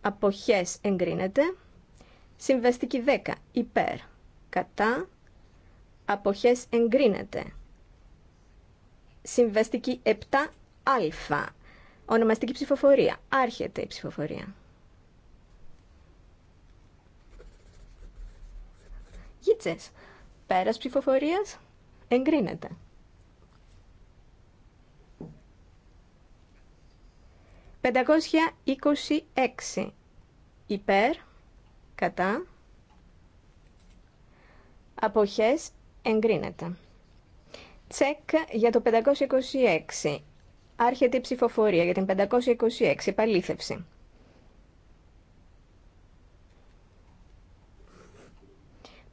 αποχές εγκρίνεται. Συμβαστική 10. Υπέρ. Κατά. Αποχές εγκρίνεται. Συμβαστική 7α. Ονομαστική ψηφοφορία. Άρχεται η ψηφοφορία. Γίτσες. Πέρας ψηφοφορίας. Εγκρίνεται. 526. υπέρ κατά αποχές εγκρίνεται. Τσεκ για το 526. Άρχεται η ψηφοφορία για την 526. Επαλήθευση.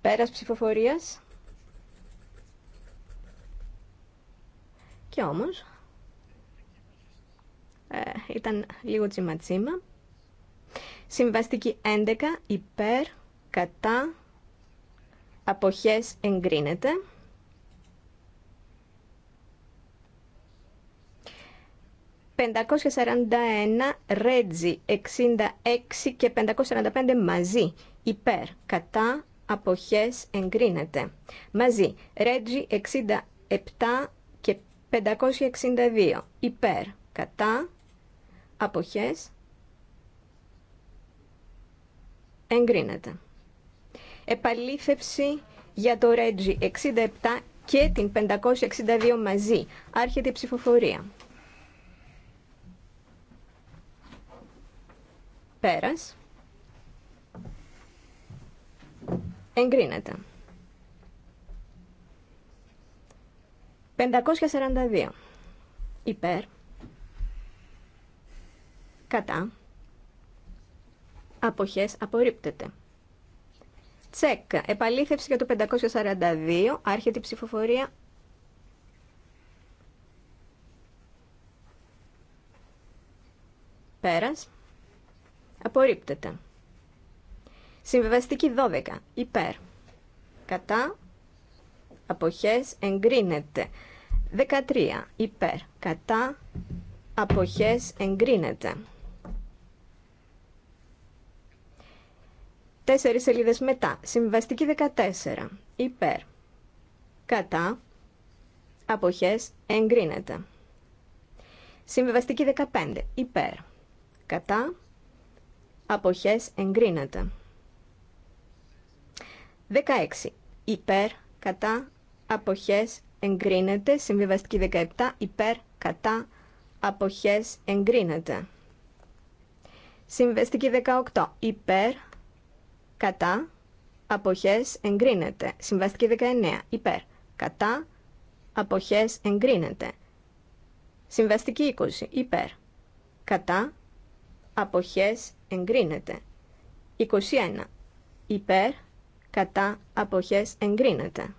Πέρας ψηφοφορίας. Και όμως... Ε, ήταν λίγο τσιματσίμα. Συμβαστική 11 υπέρ, κατά, αποχές εγκρίνεται. «541, Ρέτζι 66 και 545 μαζί, υπέρ, κατά, αποχές εγκρίνεται. Μαζί, Ρέτζι 67 και 562, υπέρ, κατά, αποχές εγκρίνεται. Επαλήθευση για το Ρέτζι 67 και την 562 μαζί. Άρχεται η ψηφοφορία. Πέρας. Εγκρίνεται. 542. Υπέρ. Κατά αποχές απορρίπτεται. Τσεκ. Επαλήθευση για το 542. Άρχεται η ψηφοφορία. Πέρας. Απορρίπτεται. Συμβεβαστική 12. Υπέρ. Κατά. Αποχές. Εγκρίνεται. 13. Υπέρ. Κατά. Αποχές. Εγκρίνεται. Τέσσερις σελίδες μετά. Συμβαστική 14. Υπέρ. Κατά. Αποχές. Εγκρίνεται. Συμβαστική 15. Υπέρ. Κατά. Αποχές. Εγκρίνεται. 16. Υπέρ. Κατά. Αποχές. Εγκρίνεται. Συμβιβαστική 17. Υπέρ. Κατά. Αποχές. Εγκρίνεται. Συμβιβαστική 18. Υπέρ κατά, αποχές εγκρίνεται. Συμβαστική 19 υπέρ, κατά, αποχές εγκρίνεται. Συμβαστική 20 υπέρ, κατά, αποχές εγκρίνεται. 21 υπέρ, κατά, αποχές εγκρίνεται.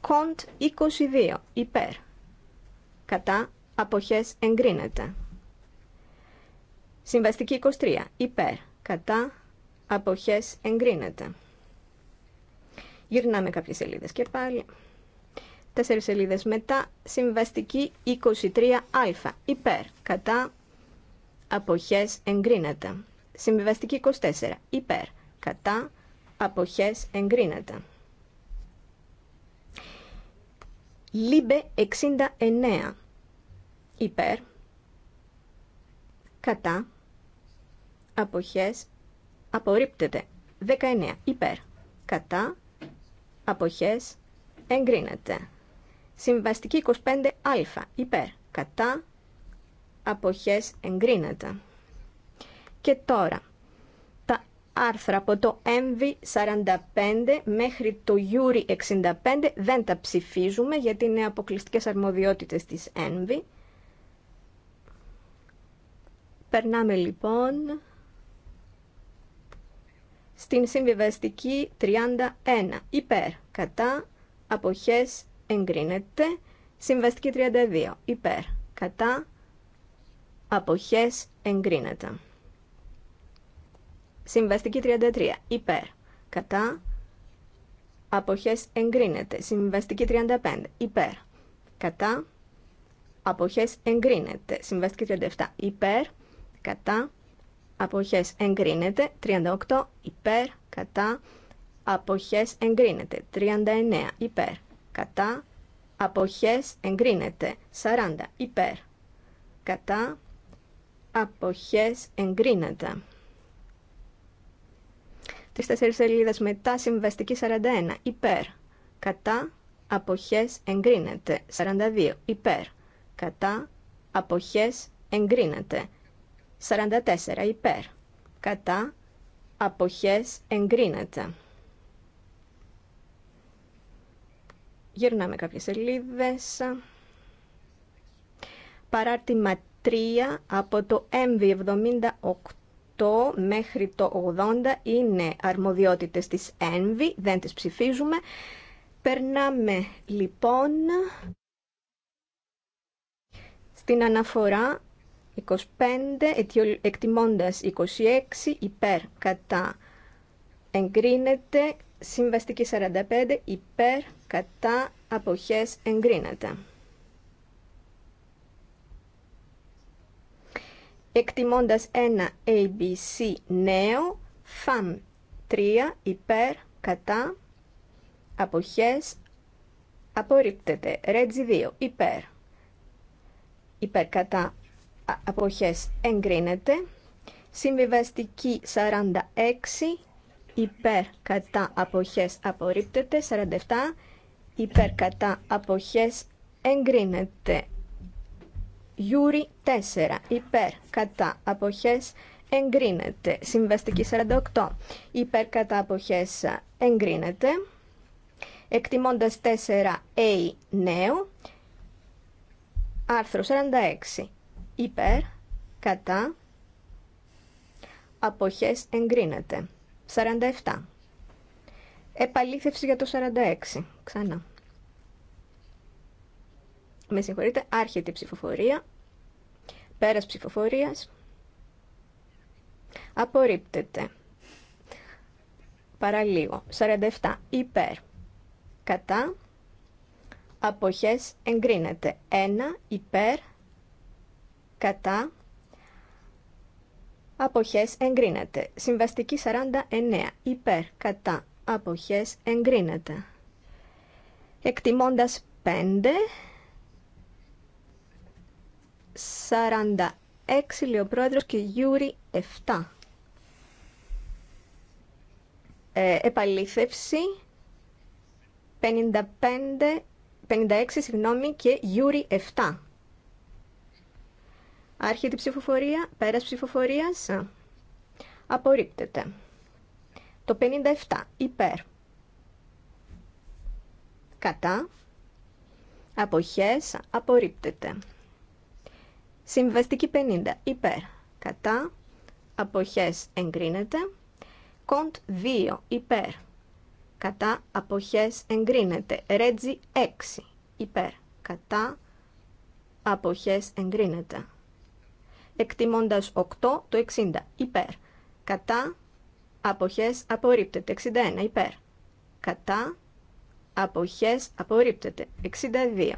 Κοντ 22 υπέρ, κατά, αποχές εγκρίνεται. Συμβαστική 23 υπέρ, κατά αποχές εγκρίνεται. Γυρνάμε κάποιες σελίδες και πάλι. Τέσσερις σελίδες μετά, συμβαστική 23α, υπέρ, κατά, αποχές εγκρίνεται. Συμβιβαστική 24, υπέρ, κατά, αποχές εγκρίνεται. Λίμπε 69, υπέρ, κατά, αποχές απορρίπτεται. 19. Υπέρ. Κατά. Αποχές. Εγκρίνεται. Συμβαστική 25α. Υπέρ. Κατά. Αποχές. Εγκρίνεται. Και τώρα. Τα άρθρα από το MV45 μέχρι το Γιούρι 65 δεν τα ψηφίζουμε γιατί είναι αποκλειστικές αρμοδιότητες της MV. Περνάμε λοιπόν στην συμβιβαστική 31. Υπέρ. Κατά. Αποχές. Εγκρίνεται. Συμβαστική 32. Υπέρ. Κατά. Αποχές. Εγκρίνεται. Συμβαστική 33. Υπέρ. Κατά. Αποχές εγκρίνεται. Συμβαστική 35. Υπέρ. Κατά. Αποχές εγκρίνεται. Συμβαστική 37. Υπέρ. Κατά αποχές εγκρίνεται. 38 υπέρ κατά αποχές εγκρίνεται. 39 υπέρ κατά αποχές εγκρίνεται. 40 υπέρ κατά αποχές εγκρίνεται. Τις τέσσερις σελίδες μετά συμβαστική 41 υπέρ κατά αποχές εγκρίνεται. 42 υπέρ κατά αποχές εγκρίνεται. 44 υπέρ. Κατά αποχές εγκρίνεται. Γυρνάμε κάποιες σελίδες. Παράρτημα 3 από το MV78 μέχρι το 80 είναι αρμοδιότητες της MV, δεν τις ψηφίζουμε. Περνάμε λοιπόν στην αναφορά 25, εκτιμώντας 26 υπέρ κατά εγκρίνεται, συμβαστική 45 υπέρ κατά αποχές εγκρίνεται. Εκτιμώντας 1 ABC νέο, φαμ 3 υπέρ κατά αποχές απορρίπτεται. Ρέτζι 2 υπέρ. Υπέρ κατά αποχές εγκρίνεται. Συμβιβαστική 46 υπέρ κατά αποχές απορρίπτεται. 47 υπέρ κατά αποχές εγκρίνεται. Γιούρι 4 υπέρ κατά αποχές εγκρίνεται. Συμβαστική 48 υπέρ κατά αποχές εγκρίνεται. Εκτιμώντας 4 A νέο. Άρθρο 46 υπέρ, κατά, αποχές εγκρίνεται. 47. Επαλήθευση για το 46. Ξανά. Με συγχωρείτε, άρχεται η ψηφοφορία. Πέρας ψηφοφορίας. Απορρίπτεται. Παραλίγο. 47. Υπέρ. Κατά. Αποχές εγκρίνεται. 1. Υπέρ κατά, αποχές εγκρίνεται. Συμβαστική 49, υπέρ, κατά, αποχές εγκρίνεται. Εκτιμώντας 5, 46 Λεοπρόεδρος και Γιούρι 7. Ε, επαλήθευση 55, 56 συγγνώμη και Γιούρι 7. Άρχεται η ψηφοφορία, πέρας ψηφοφορίας, απορρίπτεται. Το 57, υπέρ. Κατά. Αποχές, απορρίπτεται. Συμβαστική 50, υπέρ. Κατά. Αποχές, εγκρίνεται. Κοντ 2, υπέρ. Κατά. Αποχές, εγκρίνεται. Ρέτζι 6, υπέρ. Κατά. Αποχές, εγκρίνεται εκτιμώντας 8 το 60 υπέρ. Κατά αποχές απορρίπτεται 61 υπέρ. Κατά αποχές απορρίπτεται 62.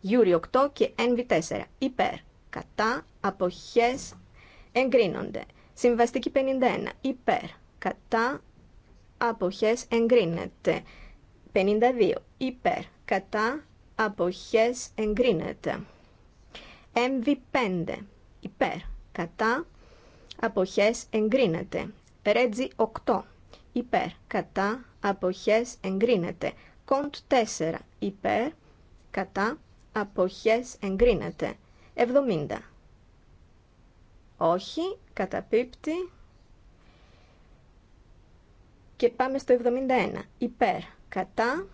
Γιούρι 8 και NV4 υπέρ. Κατά αποχές εγκρίνονται. Συμβαστική 51 υπέρ. Κατά αποχές εγκρίνεται. 52 υπέρ. Κατά αποχές εγκρίνεται. MV5 υπέρ, κατά, αποχές εγκρίνεται. Ρέτζι 8, υπέρ, κατά, αποχές εγκρίνεται. Κοντ 4, υπέρ, κατά, αποχές εγκρίνεται. 70. Όχι, καταπίπτει. Και πάμε στο 71. Υπέρ, κατά,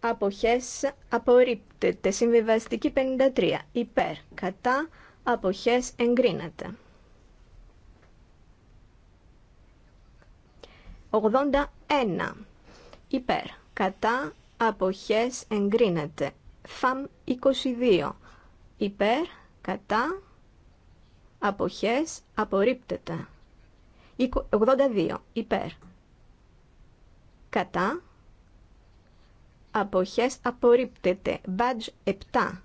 αποχές απορρίπτεται. Συμβιβαστική 53. Υπέρ, κατά, αποχές εγκρίνεται. 81. Υπέρ. Κατά αποχές εγκρίνεται. Φαμ 22. Υπέρ. Κατά αποχές απορρίπτεται. 82. Υπέρ. Κατά αποχές απορρίπτεται. Badge 7.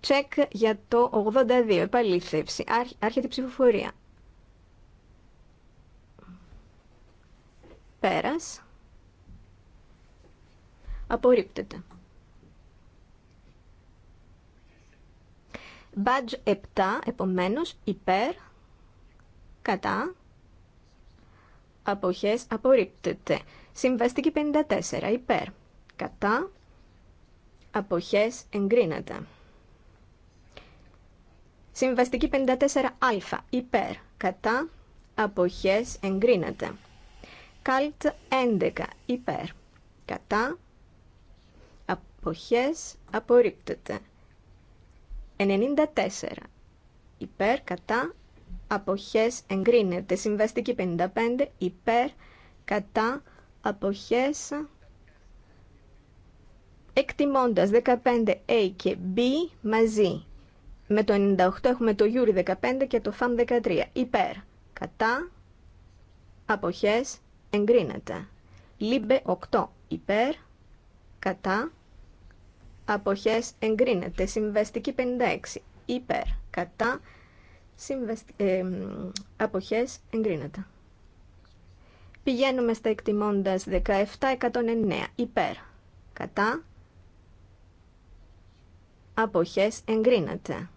Τσεκ για το 82. Επαλήθευση. Άρχεται η ψηφοφορία. Πέρας. Απορρίπτεται. Μπάτζ 7, επομένως, υπέρ, κατά, αποχές, απορρίπτεται. Συμβαστική 54, υπέρ, κατά, αποχές, εγκρίνεται. Συμβαστική 54α. Υπέρ. Κατά. Αποχές. Εγκρίνεται. Καλτ 11. Υπέρ. Κατά. Αποχές. Απορρίπτεται. 94. Υπέρ. Κατά. Αποχές. Εγκρίνεται. Συμβαστική 55. Υπέρ. Κατά. Αποχές. Εκτιμώντας A και b μαζί με το 98 έχουμε το Γιούρι 15 και το ΦΑΜ 13. Υπέρ. Κατά. Αποχές. Εγκρίνεται. Λίμπε 8. Υπέρ. Κατά. Αποχές. Εγκρίνεται. Συμβαστική 56. Υπέρ. Κατά. Συμβεστι... Ε, αποχές. Εγκρίνεται. Πηγαίνουμε στα εκτιμώντας 17. 109. Υπέρ. Κατά. Αποχές εγκρίνεται.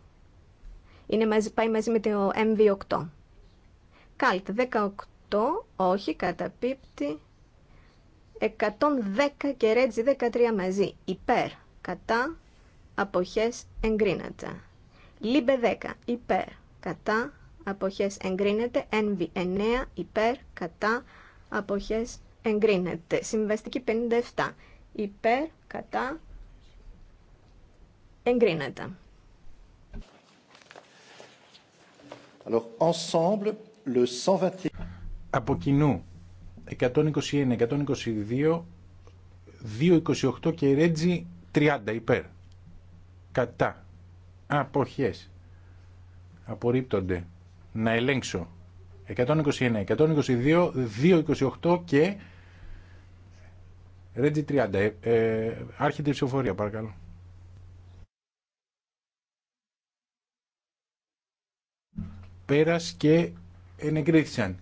Είναι μαζί, πάει μαζί με το MV8. Κάλτ 18, όχι, καταπίπτει. 110 και Ρέτζι 13 μαζί. Υπέρ, κατά, αποχές εγκρίνεται. Λίμπε 10, υπέρ, κατά, αποχές εγκρίνεται. NV9, υπέρ, κατά, αποχές εγκρίνεται. Συμβαστική 57, υπέρ, κατά, εγκρίνεται. Από κοινού, 121, 122, 228 και Ρέτζι 30 υπέρ. Κατά. Αποχές. Απορρίπτονται. Να ελέγξω. 121, 122, 228 και Ρέτζι 30. Ε, ε, άρχεται η ψηφοφορία παρακαλώ. πέρας και ενεγκρίθησαν.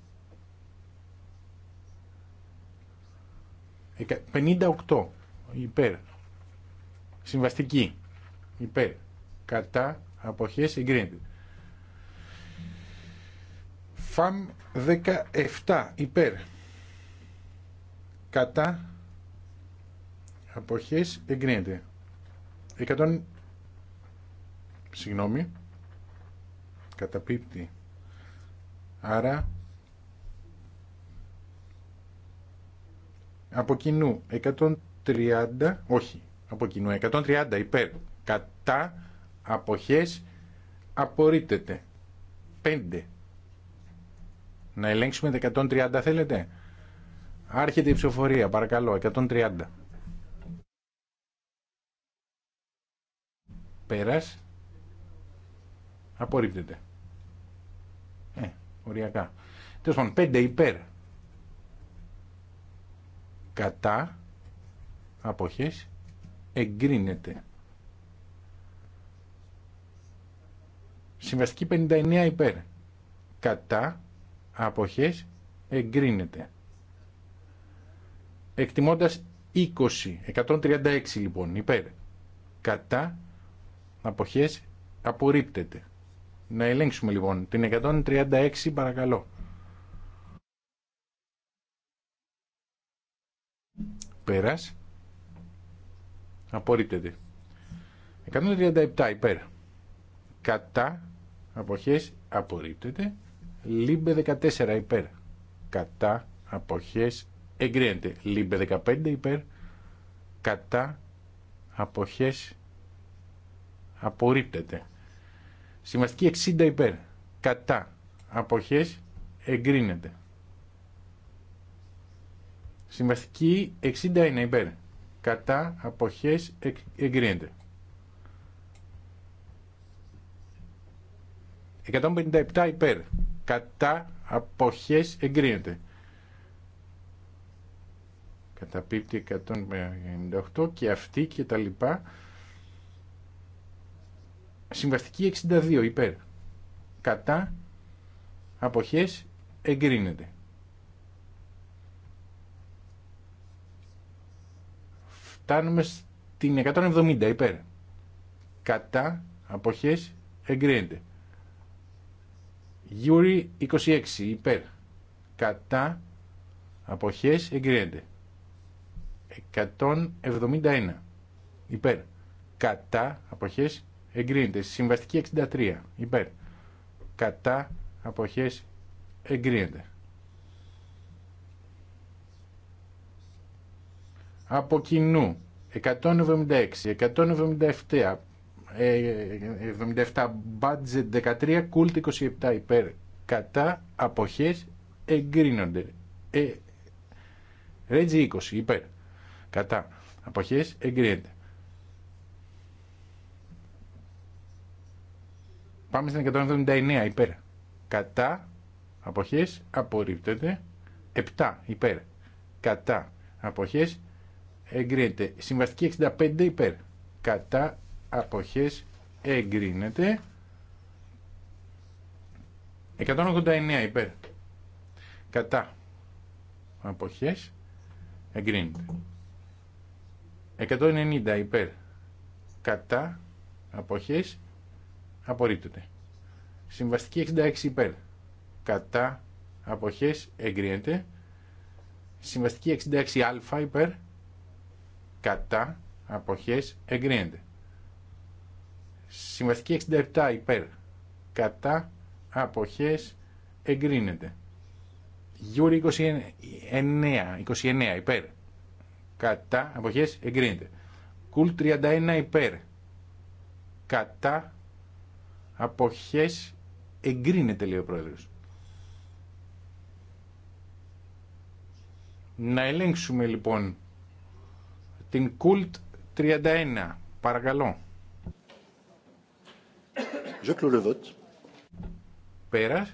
58 υπέρ. Συμβαστική υπέρ. Κατά αποχές εγκρίνεται. ΦΑΜ 17 υπέρ. Κατά αποχές εγκρίνεται. 100 συγγνώμη καταπίπτει Άρα από κοινού 130, όχι, από κοινού 130 υπέρ, κατά, αποχές, απορρίπτεται. 5. Να ελέγξουμε 130 θέλετε. Άρχεται η ψηφοφορία, παρακαλώ, 130. Πέρας. Απορρίπτεται οριακά. Τέλο πάντων, 5 υπέρ. Κατά αποχές εγκρίνεται. Συμβαστική 59 υπέρ. Κατά αποχές εγκρίνεται. Εκτιμώντας 20, 136 λοιπόν υπέρ. Κατά αποχές απορρίπτεται. Να ελέγξουμε λοιπόν την 136 παρακαλώ. Πέρας. Απορρίπτεται. 137 υπέρ. Κατά. Αποχές. Απορρίπτεται. Λίμπε 14 υπέρ. Κατά. Αποχές. Εγκρίνεται. Λίμπε 15 υπέρ. Κατά. Αποχές. Απορρίπτεται. Συμβαστική 60 υπέρ. Κατά. Αποχές εγκρίνεται. Συμβαστική 61 υπέρ. Κατά. Αποχές εγκρίνεται. 157 υπέρ. Κατά. Αποχές εγκρίνεται. Καταπίπτει 158 και αυτή και τα λοιπά. Συμβαστική 62 υπέρ. Κατά αποχές εγκρίνεται. Φτάνουμε στην 170 υπέρ. Κατά αποχές εγκρίνεται. Γιούρι 26 υπέρ. Κατά αποχές εγκρίνεται. 171 υπέρ. Κατά αποχές εγκρίνεται. Συμβαστική 63 υπέρ. Κατά αποχές εγκρίνεται. Από κοινού 176, 177, 77 budget 13, κουλτ 27 υπέρ κατά αποχές εγκρίνονται. Ε, 20 υπέρ κατά αποχές εγκρίνεται. Πάμε στην 179 υπέρ. Κατά αποχέ, απορρίπτεται. 7 υπέρ. Κατά απόχέ, εγκρίνεται. Συμβαστική 65 υπέρ. Κατά Κατά, εγκρίνεται. 189 υπέρ. Κατά απόχέ. εγκρίνεται. 190 υπέρ. Κατά αποχές απορρίπτεται. Συμβαστική 66 υπέρ. Κατά αποχές εγκρίνεται. Συμβαστική 66α υπέρ. Κατά αποχές εγκρίνεται. Συμβαστική 67 υπέρ. Κατά αποχές εγκρίνεται. Γιούρι 29, 29 υπέρ. Κατά αποχές εγκρίνεται. Κουλ 31 υπέρ. Κατά αποχές εγκρίνεται λέει ο πρόεδρος. Να ελέγξουμε λοιπόν την Κουλτ 31. Παρακαλώ. Je Πέρας.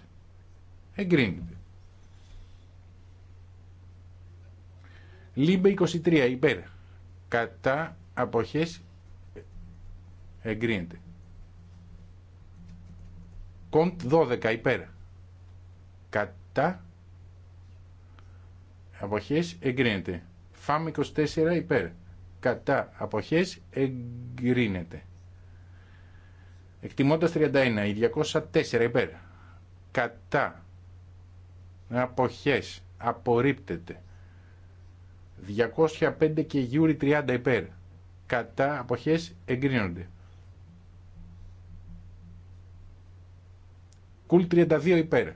Εγκρίνεται. Λίμπε 23. Υπέρ. Κατά αποχές εγκρίνεται. Κοντ 12 υπέρ. Κατά. Αποχές εγκρίνεται. Φάμ 24 υπέρ. Κατά. απόχέ εγκρίνεται. Εκτιμώντας 31. Η 204 υπέρ. Κατά. Αποχέ. Απορρίπτεται. 205 και γιούρι 30 υπέρ. Κατά. αποχέ εγκρίνονται. Κουλ 32 υπέρ.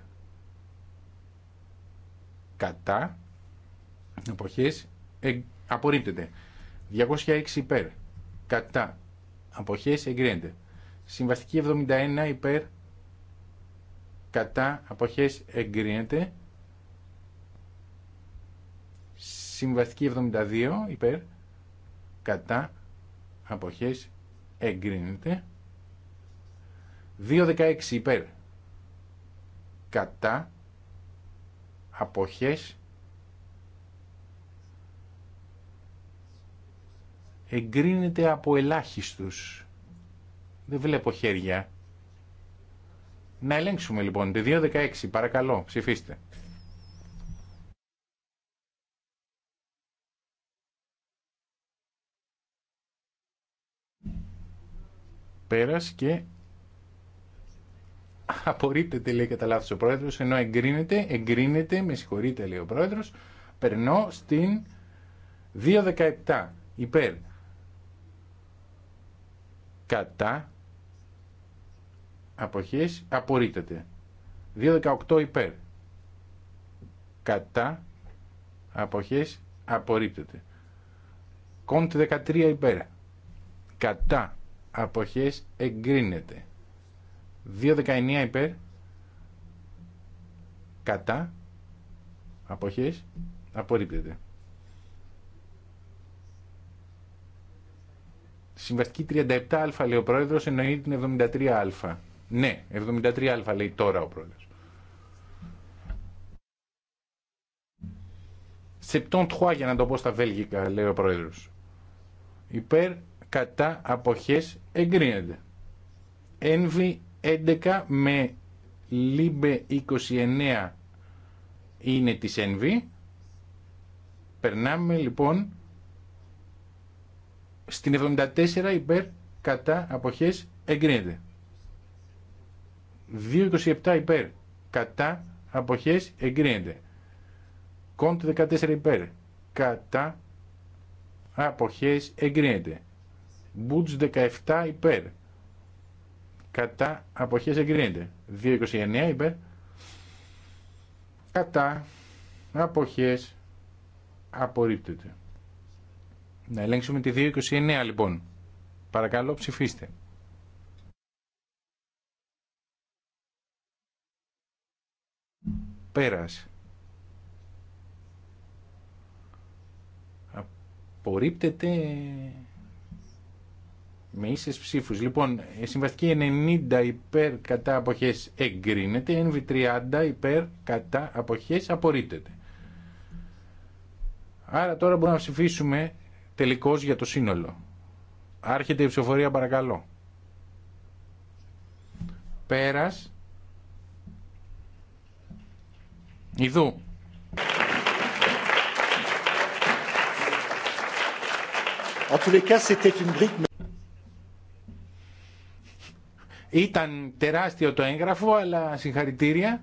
Κατά. Αποχές. Ε, απορρίπτεται. 206 υπέρ. Κατά. Αποχές εγκρίνεται. Συμβαστική 71 υπέρ. Κατά. Αποχές εγκρίνεται. Συμβαστική 72 υπέρ. Κατά. Αποχές εγκρίνεται. 216 υπέρ κατά αποχές εγκρίνεται από ελάχιστους. Δεν βλέπω χέρια. Να ελέγξουμε λοιπόν τη 2.16 παρακαλώ ψηφίστε. Πέρας και απορρίπτεται λέει κατά λάθο ο πρόεδρο, ενώ εγκρίνεται, εγκρίνεται, με συγχωρείτε λέει ο πρόεδρος, περνώ στην 2.17 υπέρ κατά αποχές απορρίπτεται. 2.18 υπέρ κατά αποχές απορρίπτεται. Κόντ 13 υπέρ κατά αποχές εγκρίνεται. 2.19 υπέρ κατά αποχές απορρίπτεται. Συμβαστική 37α λέει ο πρόεδρος εννοεί την 73α. Ναι, 73α λέει τώρα ο πρόεδρος. Σεπτών για να το πω στα βέλγικα λέει ο πρόεδρος. Υπέρ κατά αποχές εγκρίνεται. Envy 11 με λίμπε 29 είναι της ΕΝΒΗ. Περνάμε λοιπόν στην 74 υπέρ κατά αποχές εγκρίνεται. 2.27 υπέρ κατά αποχές εγκρίνεται. Κόντ 14 υπέρ κατά αποχές εγκρίνεται. Μπούτς 17 υπέρ κατά αποχές εγκρίνεται 229 είπε κατά αποχές απορρίπτεται να ελέγξουμε τη 229 λοιπόν παρακαλώ ψηφίστε πέρας απορρίπτεται με ίσε ψήφου. Λοιπόν, η συμβαστική 90 υπέρ κατά αποχές εγκρίνεται, NV30 υπέρ κατά αποχέ απορρίπτεται. Άρα τώρα μπορούμε να ψηφίσουμε τελικώ για το σύνολο. Άρχεται η ψηφοφορία παρακαλώ. Πέρα. Ιδού. tous les cas, c'était une brique. Ήταν τεράστιο το έγγραφο, αλλά συγχαρητήρια.